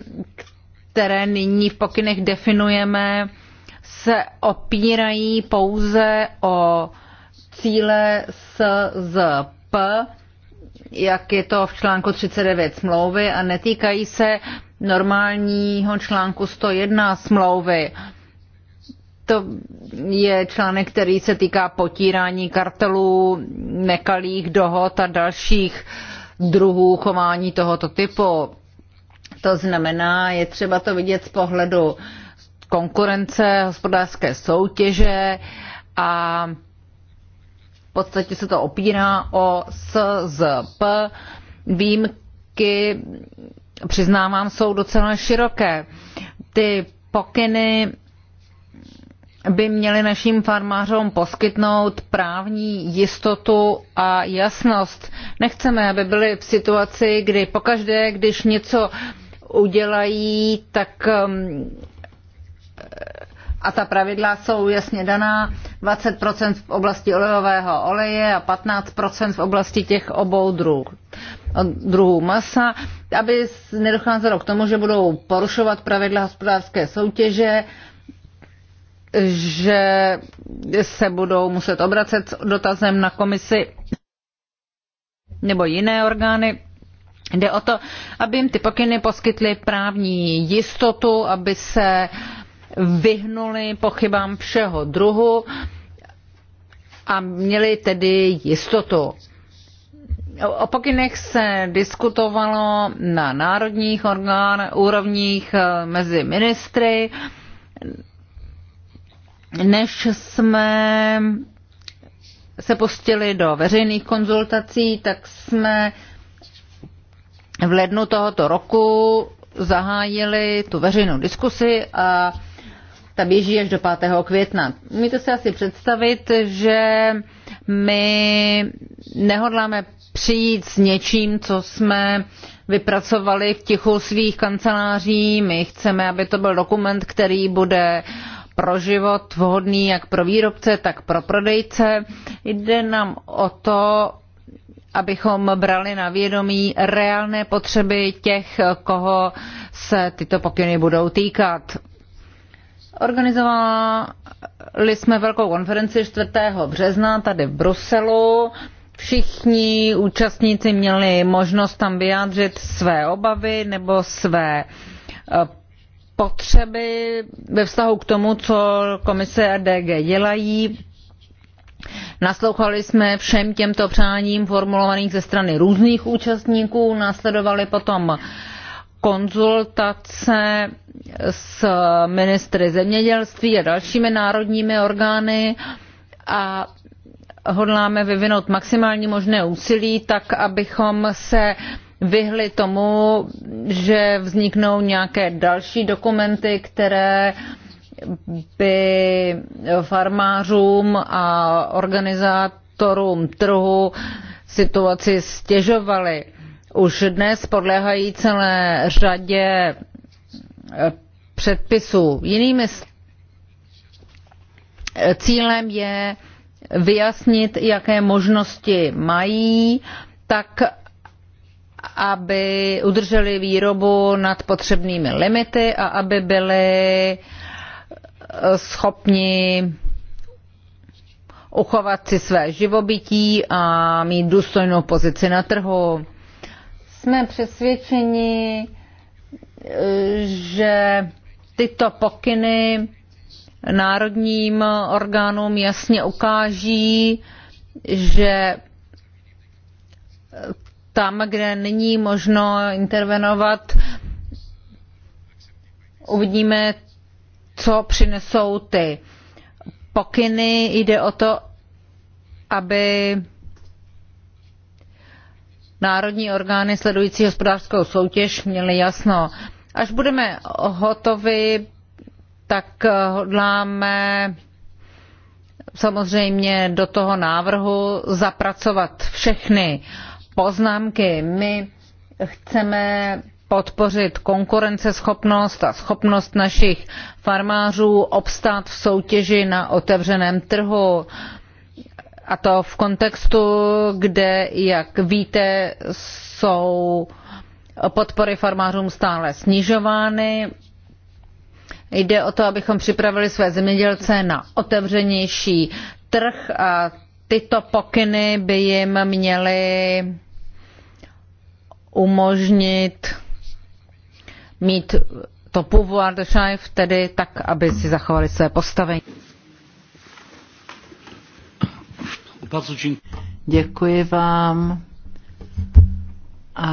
které nyní v pokynech definujeme, se opírají pouze o cíle s, z, p, jak je to v článku 39 smlouvy a netýkají se normálního článku 101 smlouvy. To je článek, který se týká potírání kartelů, nekalých dohod a dalších druhů chování tohoto typu. To znamená, je třeba to vidět z pohledu konkurence, hospodářské soutěže a v podstatě se to opírá o SZP. Výjimky, přiznávám, jsou docela široké. Ty pokyny by měly našim farmářům poskytnout právní jistotu a jasnost. Nechceme, aby byli v situaci, kdy pokaždé, když něco udělají, tak um, a ta pravidla jsou jasně daná, 20% v oblasti olejového oleje a 15% v oblasti těch obou druhů, druhů masa, aby nedocházelo k tomu, že budou porušovat pravidla hospodářské soutěže, že se budou muset obracet s dotazem na komisi nebo jiné orgány. Jde o to, aby jim ty pokyny poskytly právní jistotu, aby se vyhnuli pochybám všeho druhu a měli tedy jistotu. O pokynech se diskutovalo na národních orgán, úrovních eh, mezi ministry. Než jsme se pustili do veřejných konzultací, tak jsme v lednu tohoto roku zahájili tu veřejnou diskusi a ta běží až do 5. května. Můžete si asi představit, že my nehodláme přijít s něčím, co jsme vypracovali v tichu svých kanceláří. My chceme, aby to byl dokument, který bude uh, pro život vhodný jak pro výrobce, tak pro prodejce. Jde nám o to, abychom brali na vědomí reálné potřeby těch, koho se tyto pokyny budou týkat. Organizovali jsme velkou konferenci 4. března tady v Bruselu. Všichni účastníci měli možnost tam vyjádřit své obavy nebo své eh, potřeby ve vztahu k tomu, co komise a DG dělají. Naslouchali jsme všem těmto přáním formulovaným ze strany různých účastníků, následovali potom konzultace s ministry zemědělství a dalšími národními orgány a hodláme vyvinout maximální možné úsilí tak, abychom se vyhli tomu, že vzniknou nějaké další dokumenty, které by farmářům a organizátorům trhu situaci stěžovaly. Už dnes podléhají celé řadě eh, předpisů. Jinými cílem je vyjasnit, jaké možnosti mají, tak aby udrželi výrobu nad potřebnými limity a aby byli eh, schopni uchovat si své živobytí a mít důstojnou pozici na trhu. Jsme přesvědčeni, eh, že tyto pokyny národním orgánům jasně ukáží, že tam, kde není možno intervenovat, uvidíme, co přinesou ty pokyny. Jde o to, aby národní orgány sledující hospodářskou soutěž měly jasno. Až budeme hotovi, tak hodláme samozřejmě do toho návrhu zapracovat všechny uh, poznámky. My chceme podpořit konkurenceschopnost a schopnost našich farmářů obstát v soutěži na otevřeném trhu. A to v kontextu, kde, jak víte, jsou podpory farmářům stále snižovány. Jde o to, abychom připravili své zemědělce na otevřenější trh a tyto pokyny by jim měly umožnit mít to pouvoir de chef, tedy tak, aby si zachovali své postavení. Děkuji vám. A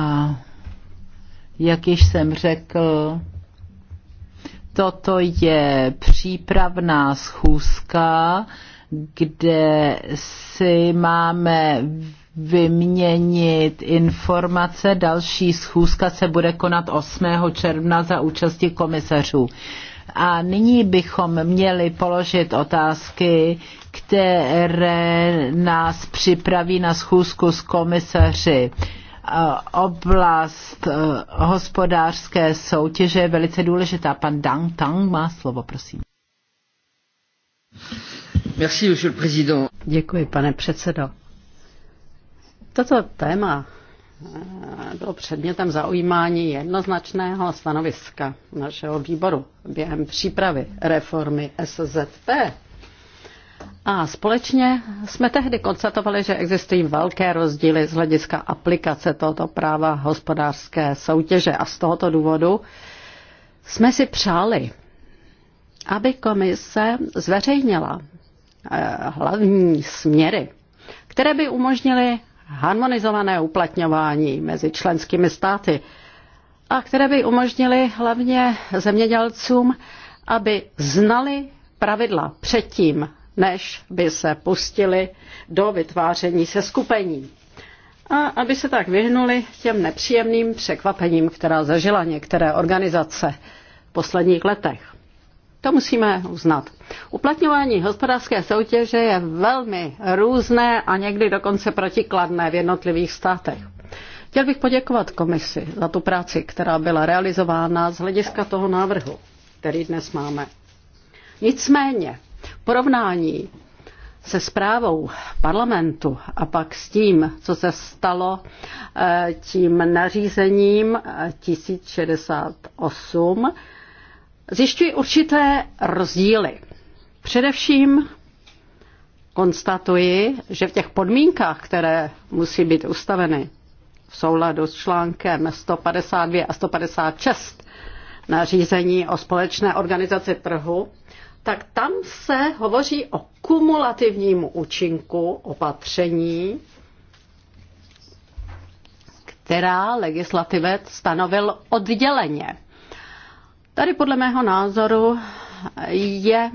jak již jsem řekl, toto je přípravná schůzka, kde si máme vyměnit informace. Další schůzka se bude konat 8. června za účasti komisařů. A nyní bychom měli položit otázky, které nás připraví na schůzku s komisaři oblast e, hospodářské soutěže je velice důležitá. Pan Dang Tang má slovo, prosím. Děkuji, pane předsedo. Toto téma eh, bylo předmětem zaujímání jednoznačného stanoviska našeho výboru během přípravy reformy SZP. A společně jsme tehdy konstatovali, že existují velké rozdíly z hlediska aplikace tohoto práva hospodářské soutěže a z tohoto důvodu jsme si přáli, aby komise zveřejnila Eh, hlavní směry, které by umožnily harmonizované uplatňování mezi členskými státy a které by umožnily hlavně zemědělcům, aby znali pravidla předtím, než by se pustili do vytváření se skupení. A aby se tak vyhnuli těm nepříjemným překvapením, která zažila některé organizace v posledních letech. To musíme uznat. Uplatňování hospodářské soutěže je velmi různé a někdy dokonce protikladné v jednotlivých státech. Chtěl bych poděkovat komisi za tu práci, která byla realizována z hlediska toho návrhu, který dnes máme. Nicméně, porovnání se zprávou parlamentu a pak s tím, co se stalo eh, tím nařízením 1068, eh, zjišťuji určité rozdíly. Především konstatuji, že v těch podmínkách, které musí být ustaveny v souladu s článkem 152 a 156 nařízení o společné organizaci trhu, tak tam se hovoří o kumulativním účinku opatření, která legislativec stanovil odděleně. Tady podle mého názoru je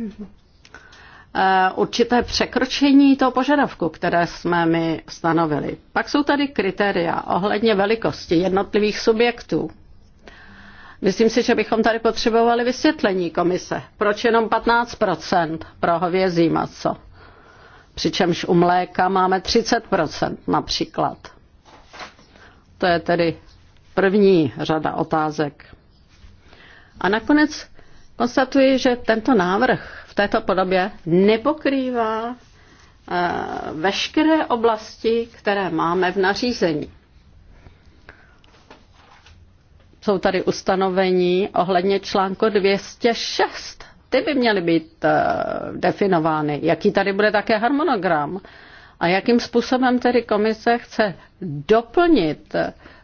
eh, určité překročení toho požadavku, které jsme my stanovili. Pak jsou tady kritéria ohledně velikosti jednotlivých subjektů. Myslím si, že bychom tady potřebovali vysvětlení komise. Proč jenom 15% pro hovězí maso? Přičemž u mléka máme 30% například. To je tedy první řada otázek. A nakonec konstatuji, že tento návrh v této podobě nepokrývá eh, veškeré oblasti, které máme v nařízení. Jsou tady ustanovení ohledně článku 206. Ty by měly být eh, definovány. Jaký tady bude také harmonogram? A jakým způsobem tedy komise chce doplnit uh,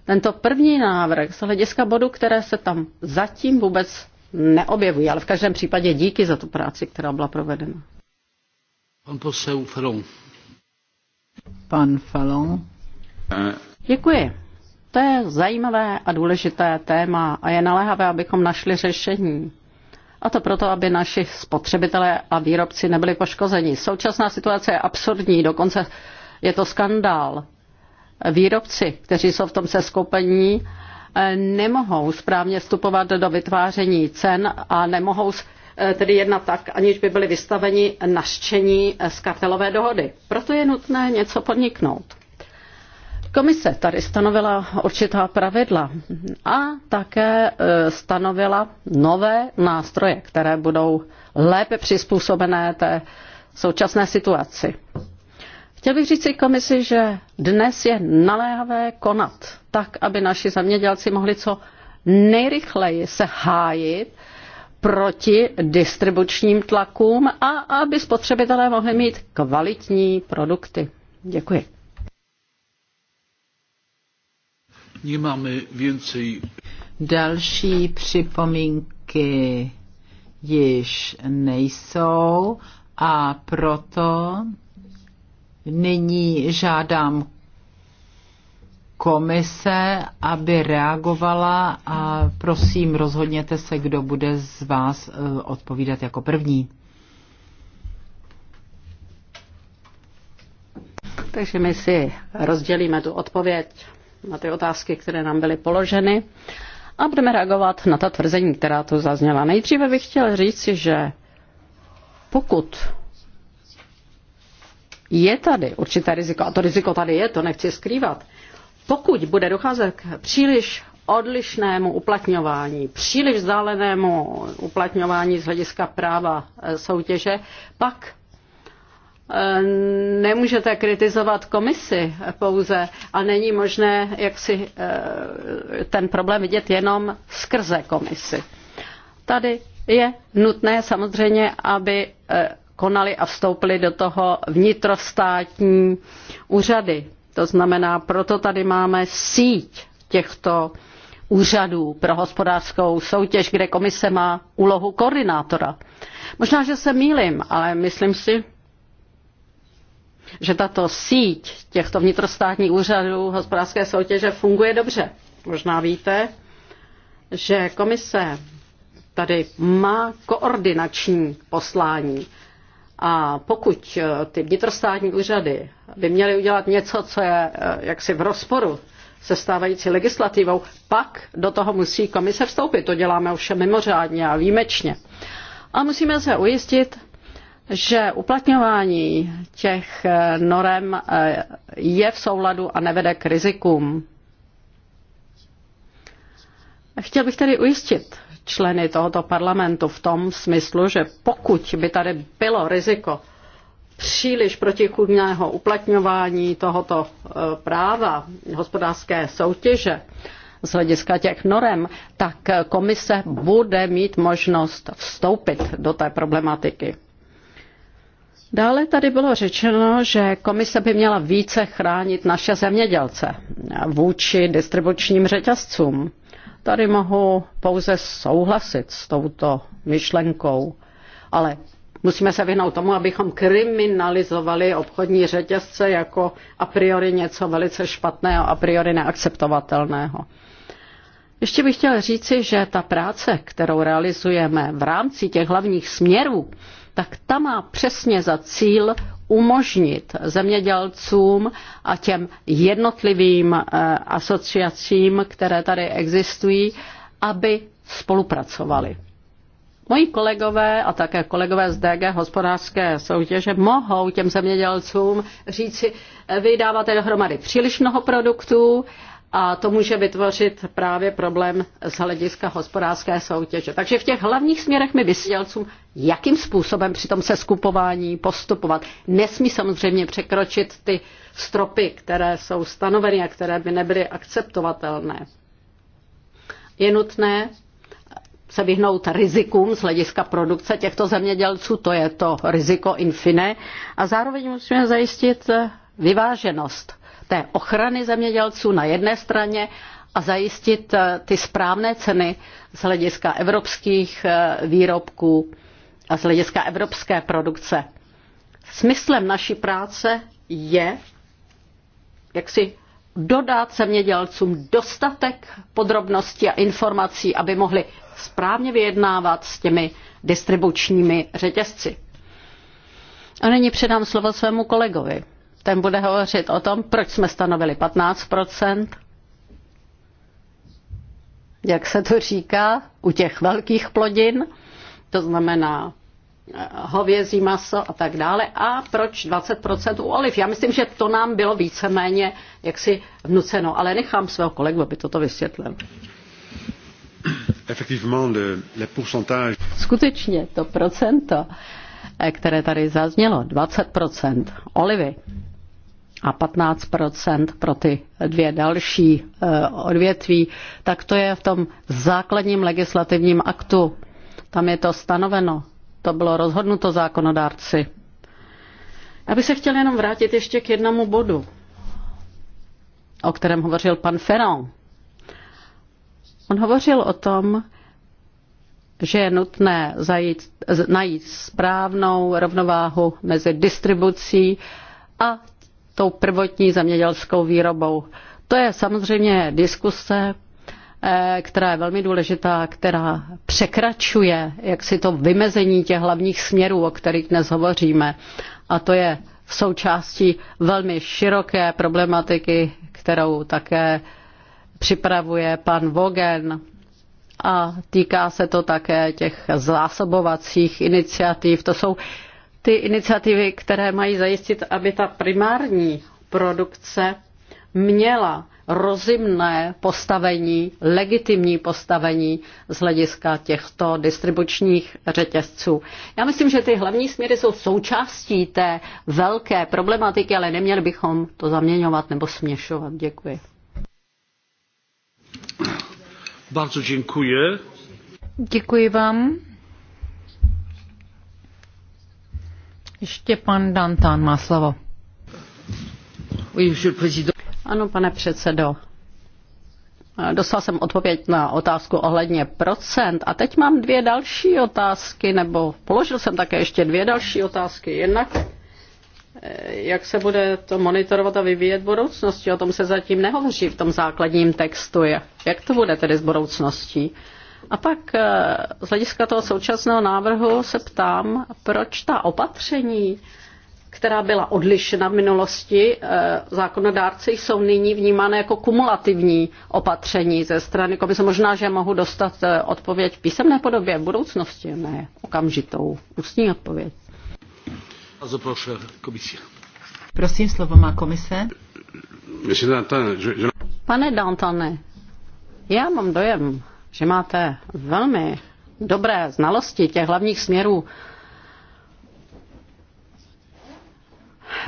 tento první návrh z hlediska bodu, které se tam zatím vůbec neobjevují, ale v každém případě díky za tu práci, která byla provedena. Pan poseu Falon. Pan Falon. Děkuji. To je zajímavé a důležité téma a je naléhavé, abychom našli řešení. A to proto, aby naši spotřebitelé a výrobci nebyli poškozeni. Současná situace je absurdní, dokonce je to skandál výrobci, kteří jsou v tom seskupení, eh, nemohou správně vstupovat do vytváření cen a nemohou eh, tedy jednat tak, aniž by byli vystaveni naštění z kartelové dohody. Proto je nutné něco podniknout. Komise tady stanovila určitá pravidla a také eh, stanovila nové nástroje, které budou lépe přizpůsobené té současné situaci. Chtěl bych říct si komisi, že dnes je naléhavé konat tak, aby naši zemědělci mohli co nejrychleji se hájit proti distribučním tlakům a aby spotřebitelé mohli mít kvalitní produkty. Děkuji. Nemáme věcí. Další připomínky již nejsou a proto Nyní žádám komise, aby reagovala a prosím, rozhodněte se, kdo bude z vás eh, odpovídat jako první. Takže my si rozdělíme tu odpověď na ty otázky, které nám byly položeny a budeme reagovat na ta tvrzení, která tu zazněla. Nejdříve bych chtěl říct, že pokud je tady určité riziko, a to riziko tady je, to nechci skrývat, pokud bude docházet k příliš odlišnému uplatňování, příliš vzdálenému uplatňování z hlediska práva eh, soutěže, pak eh, nemůžete kritizovat komisi pouze a není možné, jak si eh, ten problém vidět jenom skrze komisi. Tady je nutné samozřejmě, aby konali a vstoupili do toho vnitrostátní úřady. To znamená, proto tady máme síť těchto úřadů pro hospodářskou soutěž, kde komise má úlohu koordinátora. Možná, že se mýlim, ale myslím si, že tato síť těchto vnitrostátních úřadů hospodářské soutěže funguje dobře. Možná víte, že komise tady má koordinační poslání. A pokud eh, ty vnitrostátní úřady by měly udělat něco, co je eh, jaksi v rozporu se stávající legislativou, pak do toho musí komise vstoupit. To děláme ovšem mimořádně a výjimečně. A musíme se ujistit, že uplatňování těch eh, norem je v souladu a nevede k rizikům. Chtěl bych tedy ujistit členy tohoto parlamentu v tom smyslu, že pokud by tady bylo riziko příliš protichudného uplatňování tohoto e, práva hospodářské soutěže z hlediska těch norem, tak komise bude mít možnost vstoupit do té problematiky. Dále tady bylo řečeno, že komise by měla více chránit naše zemědělce vůči distribučním řetězcům. Tady mohu pouze souhlasit s touto myšlenkou, ale musíme se vyhnout tomu, abychom kriminalizovali obchodní řetězce jako a priori něco velice špatného, a priori neakceptovatelného. Ještě bych chtěl říci, že ta práce, kterou realizujeme v rámci těch hlavních směrů, tak ta má přesně za cíl umožnit zemědělcům a těm jednotlivým eh, asociacím, které tady existují, aby spolupracovali. Moji kolegové a také kolegové z DG hospodářské soutěže mohou těm zemědělcům říci, eh, vydáváte dohromady příliš mnoho produktů, a to může vytvořit právě problém z hlediska hospodářské soutěže. Takže v těch hlavních směrech my vysílcům, jakým způsobem při tom seskupování postupovat. Nesmí samozřejmě překročit ty stropy, které jsou stanoveny a které by nebyly akceptovatelné. Je nutné se vyhnout rizikům z hlediska produkce těchto zemědělců, to je to riziko infine, a zároveň musíme zajistit vyváženost té ochrany zemědělců na jedné straně a zajistit eh, ty správné ceny z hlediska evropských eh, výrobků a z hlediska evropské produkce. Smyslem naší práce je, jak si dodat zemědělcům dostatek podrobností a informací, aby mohli správně vyjednávat s těmi distribučními řetězci. A nyní předám slovo svému kolegovi ten bude hovořit o tom, proč jsme stanovili 15 jak se to říká, u těch velkých plodin, to znamená eh, hovězí maso a tak dále, a proč 20% u oliv. Já myslím, že to nám bylo víceméně jaksi vnuceno, ale nechám svého kolegu, aby toto vysvětlil. Skutečně to procento, eh, které tady zaznělo, 20% olivy, a 15 pro ty dvě další eh, odvětví, tak to je v tom základním legislativním aktu. Tam je to stanoveno. To bylo rozhodnuto zákonodárci. Já bych se chtěl jenom vrátit ještě k jednomu bodu, o kterém hovořil pan Ferrand. On hovořil o tom, že je nutné zajít, najít správnou rovnováhu mezi distribucí a tou prvotní zemědělskou výrobou. To je samozřejmě diskuse, eh, která je velmi důležitá, která překračuje jak si to vymezení těch hlavních směrů, o kterých dnes hovoříme. A to je v součástí velmi široké problematiky, kterou také připravuje pan Vogen a týká se to také těch zásobovacích iniciativ. To jsou ty iniciativy, které mají zajistit, aby ta primární produkce měla rozumné postavení, legitimní postavení z hlediska těchto distribučních řetězců. Já myslím, že ty hlavní směry jsou součástí té velké problematiky, ale neměli bychom to zaměňovat nebo směšovat. Děkuji. Bardzo děkuji. Děkuji vám. Ještě pan Dantán má slovo. Ano, pane předsedo. Dostal jsem odpověď na otázku ohledně procent a teď mám dvě další otázky, nebo položil jsem také ještě dvě další otázky. Jednak eh, jak se bude to monitorovat a vyvíjet v budoucnosti? O tom se zatím nehovoří v tom základním textu. Jak to bude tedy s budoucností? A pak eh, z hlediska toho současného návrhu se ptám, proč ta opatření, která byla odlišena v minulosti, eh, zákonodárci jsou nyní vnímány jako kumulativní opatření ze strany komise. Možná, že mohu dostat eh, odpověď v písemné podobě v budoucnosti, ne okamžitou ústní odpověď. A zaprošuje komisi. Prosím, slovo má komise. Pane Dantane, já mám dojem, že máte velmi dobré znalosti těch hlavních směrů,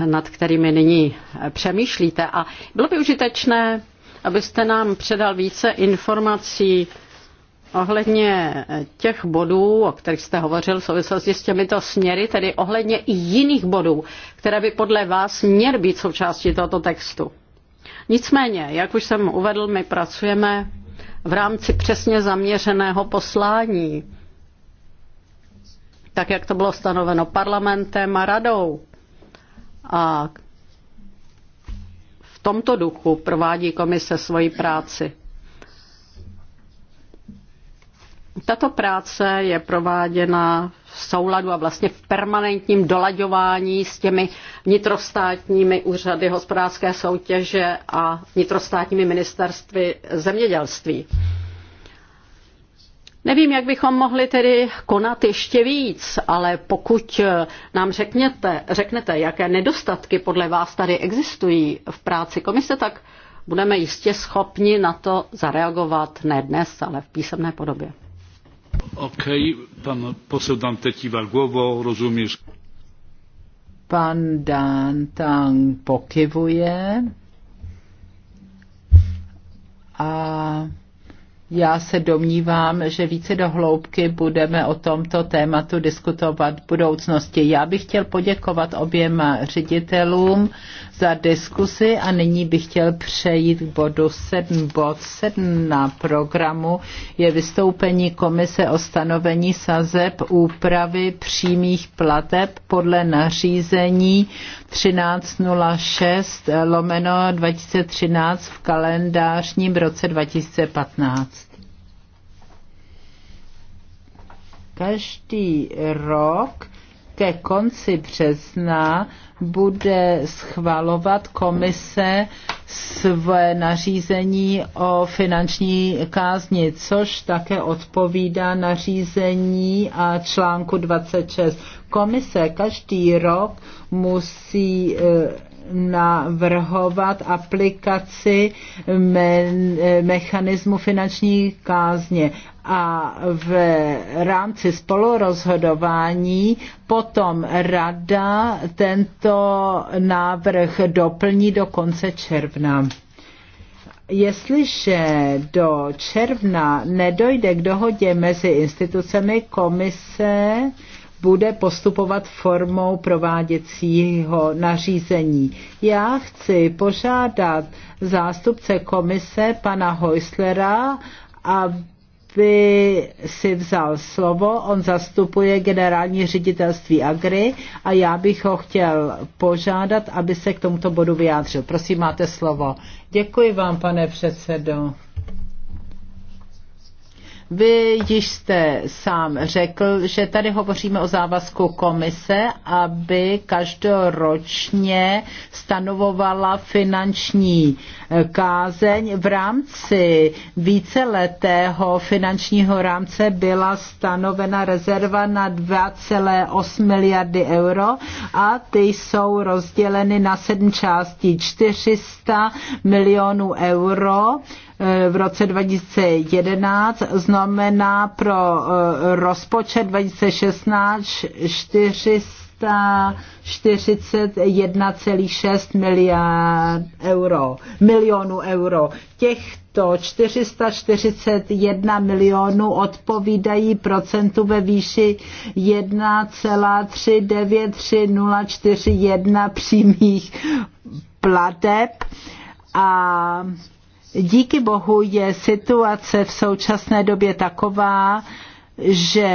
nad kterými nyní přemýšlíte. A bylo by užitečné, abyste nám předal více informací ohledně těch bodů, o kterých jste hovořil v souvislosti s těmito směry, tedy ohledně i jiných bodů, které by podle vás měly být součástí tohoto textu. Nicméně, jak už jsem uvedl, my pracujeme v rámci přesně zaměřeného poslání, tak jak to bylo stanoveno parlamentem a radou. A v tomto duchu provádí komise svoji práci. Tato práce je prováděna v souladu a vlastně v permanentním dolaďování s těmi vnitrostátními úřady hospodářské soutěže a vnitrostátními ministerstvy zemědělství. Nevím, jak bychom mohli tedy konat ještě víc, ale pokud nám řekněte, řeknete, jaké nedostatky podle vás tady existují v práci komise, tak budeme jistě schopni na to zareagovat ne dnes, ale v písemné podobě pan poseł Dante kiwał Dantang pokyvuje a já se domnívám, že více do hloubky budeme o tomto tématu diskutovat v budoucnosti. Já bych chtěl poděkovat oběma ředitelům za diskusi a nyní bych chtěl přejít k bodu 7. Bod 7 na programu je vystoupení Komise o stanovení sazeb úpravy přímých plateb podle nařízení 1306 lomeno 2013 v kalendářním roce 2015. každý rok ke konci března bude schvalovat komise své nařízení o finanční kázni, což také odpovídá nařízení a článku 26. Komise každý rok musí eh, navrhovat aplikaci me, mechanismu finanční kázně a v rámci spolurozhodování potom rada tento návrh doplní do konce června. Jestliže do června nedojde k dohodě mezi institucemi komise, bude postupovat formou prováděcího nařízení. Já chci požádat zástupce komise pana Heuslera, aby si vzal slovo. On zastupuje generální ředitelství Agri a já bych ho chtěl požádat, aby se k tomuto bodu vyjádřil. Prosím, máte slovo. Děkuji vám, pane předsedo. Vy již jste sám řekl, že tady hovoříme o závazku komise, aby každoročně stanovovala finanční eh, kázeň. V rámci víceletého finančního rámce byla stanovena rezerva na 2,8 miliardy euro a ty jsou rozděleny na sedm částí 400 milionů euro v roce 2011 znamená pro eh, rozpočet 2016 441,6 miliard euro, milionů euro. Těchto 441 milionů odpovídají procentu ve výši 1,393041 přímých plateb a Díky bohu je situace v současné době taková, že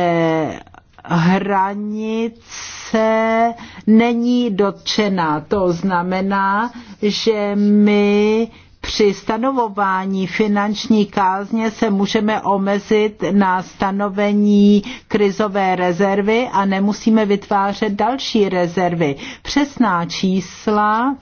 hranice není dotčena. To znamená, že my při stanovování finanční kázně se můžeme omezit na stanovení krizové rezervy a nemusíme vytvářet další rezervy. Přesná čísla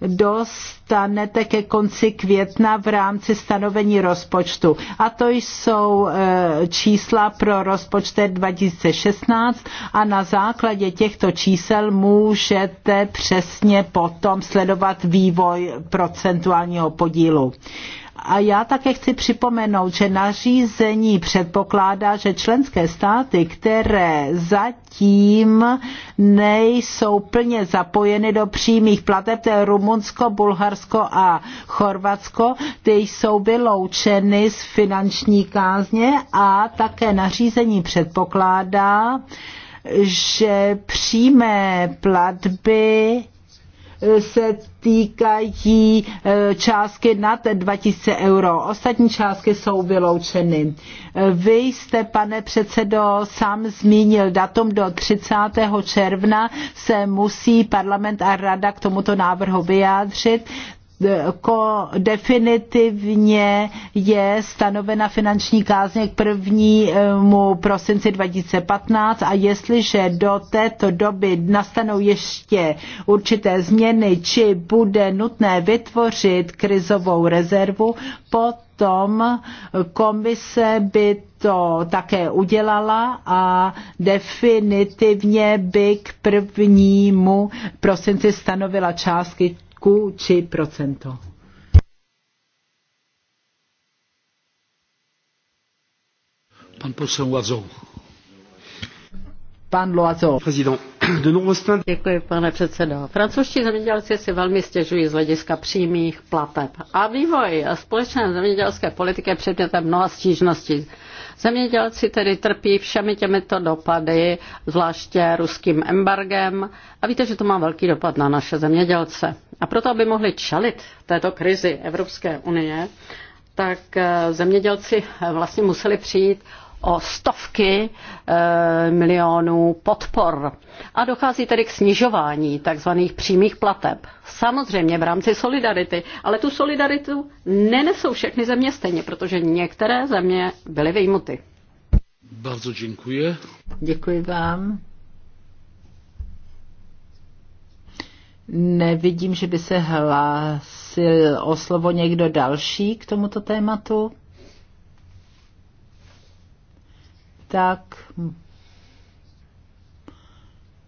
dostanete ke konci května v rámci stanovení rozpočtu. A to jsou e, čísla pro rozpočet 2016 a na základě těchto čísel můžete přesně potom sledovat vývoj procentuálního podílu. A já také chci připomenout, že nařízení předpokládá, že členské státy, které zatím nejsou plně zapojeny do přímých plateb, to je Rumunsko, Bulharsko a Chorvatsko, ty jsou vyloučeny z finanční kázně a také nařízení předpokládá, že přímé platby se týkají e, částky nad 2000 euro. Ostatní částky jsou vyloučeny. Vy jste, pane předsedo, sám zmínil datum do 30. června se musí parlament a rada k tomuto návrhu vyjádřit ko, definitivně je stanovena finanční kázně k prvnímu prosinci 2015 a jestliže do této doby nastanou ještě určité změny, či bude nutné vytvořit krizovou rezervu, potom komise by to také udělala a definitivně by k prvnímu prosinci stanovila částky výrobků či procento. Pan poslanec Lazov. Pan Loazo. Děkuji, pane předsedo. Francouzští zemědělci si velmi stěžují z hlediska přímých plateb. A vývoj společné zemědělské politiky je předmětem mnoha stížností. Zemědělci tedy trpí všemi těmito dopady, zvláště ruským embargem a víte, že to má velký dopad na naše zemědělce. A proto, aby mohli čelit této krizi Evropské unie, tak eh, zemědělci vlastně museli přijít o stovky eh, milionů podpor. A dochází tedy k snižování tzv. přímých plateb. Samozřejmě v rámci solidarity, ale tu solidaritu nenesou všechny země stejně, protože některé země byly vyjmuty. Bardzo děkuji. Děkuji vám. Nevidím, že by se hlásil o slovo někdo další k tomuto tématu. tak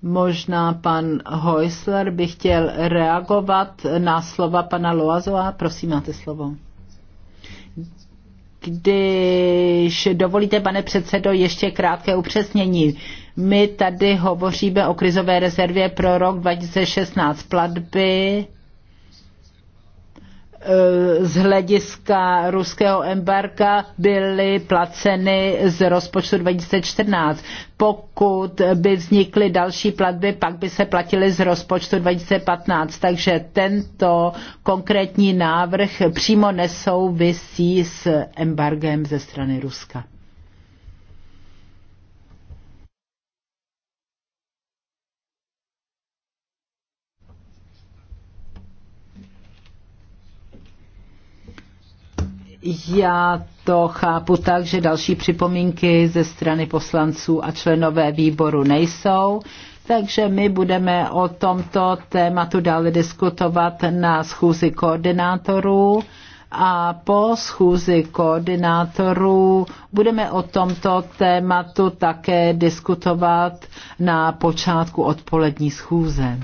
možná pan Heusler by chtěl reagovat na slova pana Loazova. Prosím, máte slovo. Když dovolíte, pane předsedo, ještě krátké upřesnění. My tady hovoříme o krizové rezervě pro rok 2016 platby Eh, z hlediska ruského embarka byly placeny z rozpočtu 2014. Pokud by vznikly další platby, pak by se platily z rozpočtu 2015. Takže tento konkrétní návrh přímo nesouvisí s embargem ze strany Ruska. Já to chápu tak, že další připomínky ze strany poslanců a členové výboru nejsou, takže my budeme o tomto tématu dále diskutovat na schůzi koordinátorů a po schůzi koordinátorů budeme o tomto tématu také diskutovat na počátku odpolední schůze.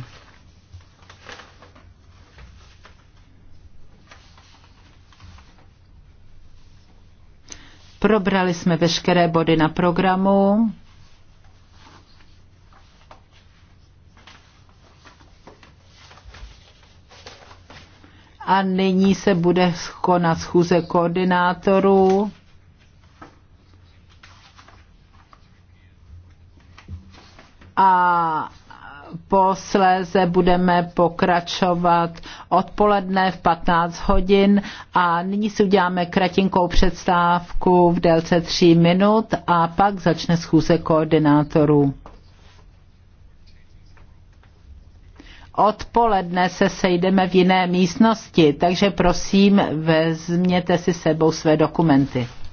Probrali jsme veškeré body na programu. A nyní se bude konat schůze koordinátorů. A posléze budeme pokračovat odpoledne v 15 hodin a nyní si uděláme kratinkou předstávku v délce 3 minut a pak začne schůze koordinátorů. Odpoledne se sejdeme v jiné místnosti, takže prosím vezměte si sebou své dokumenty.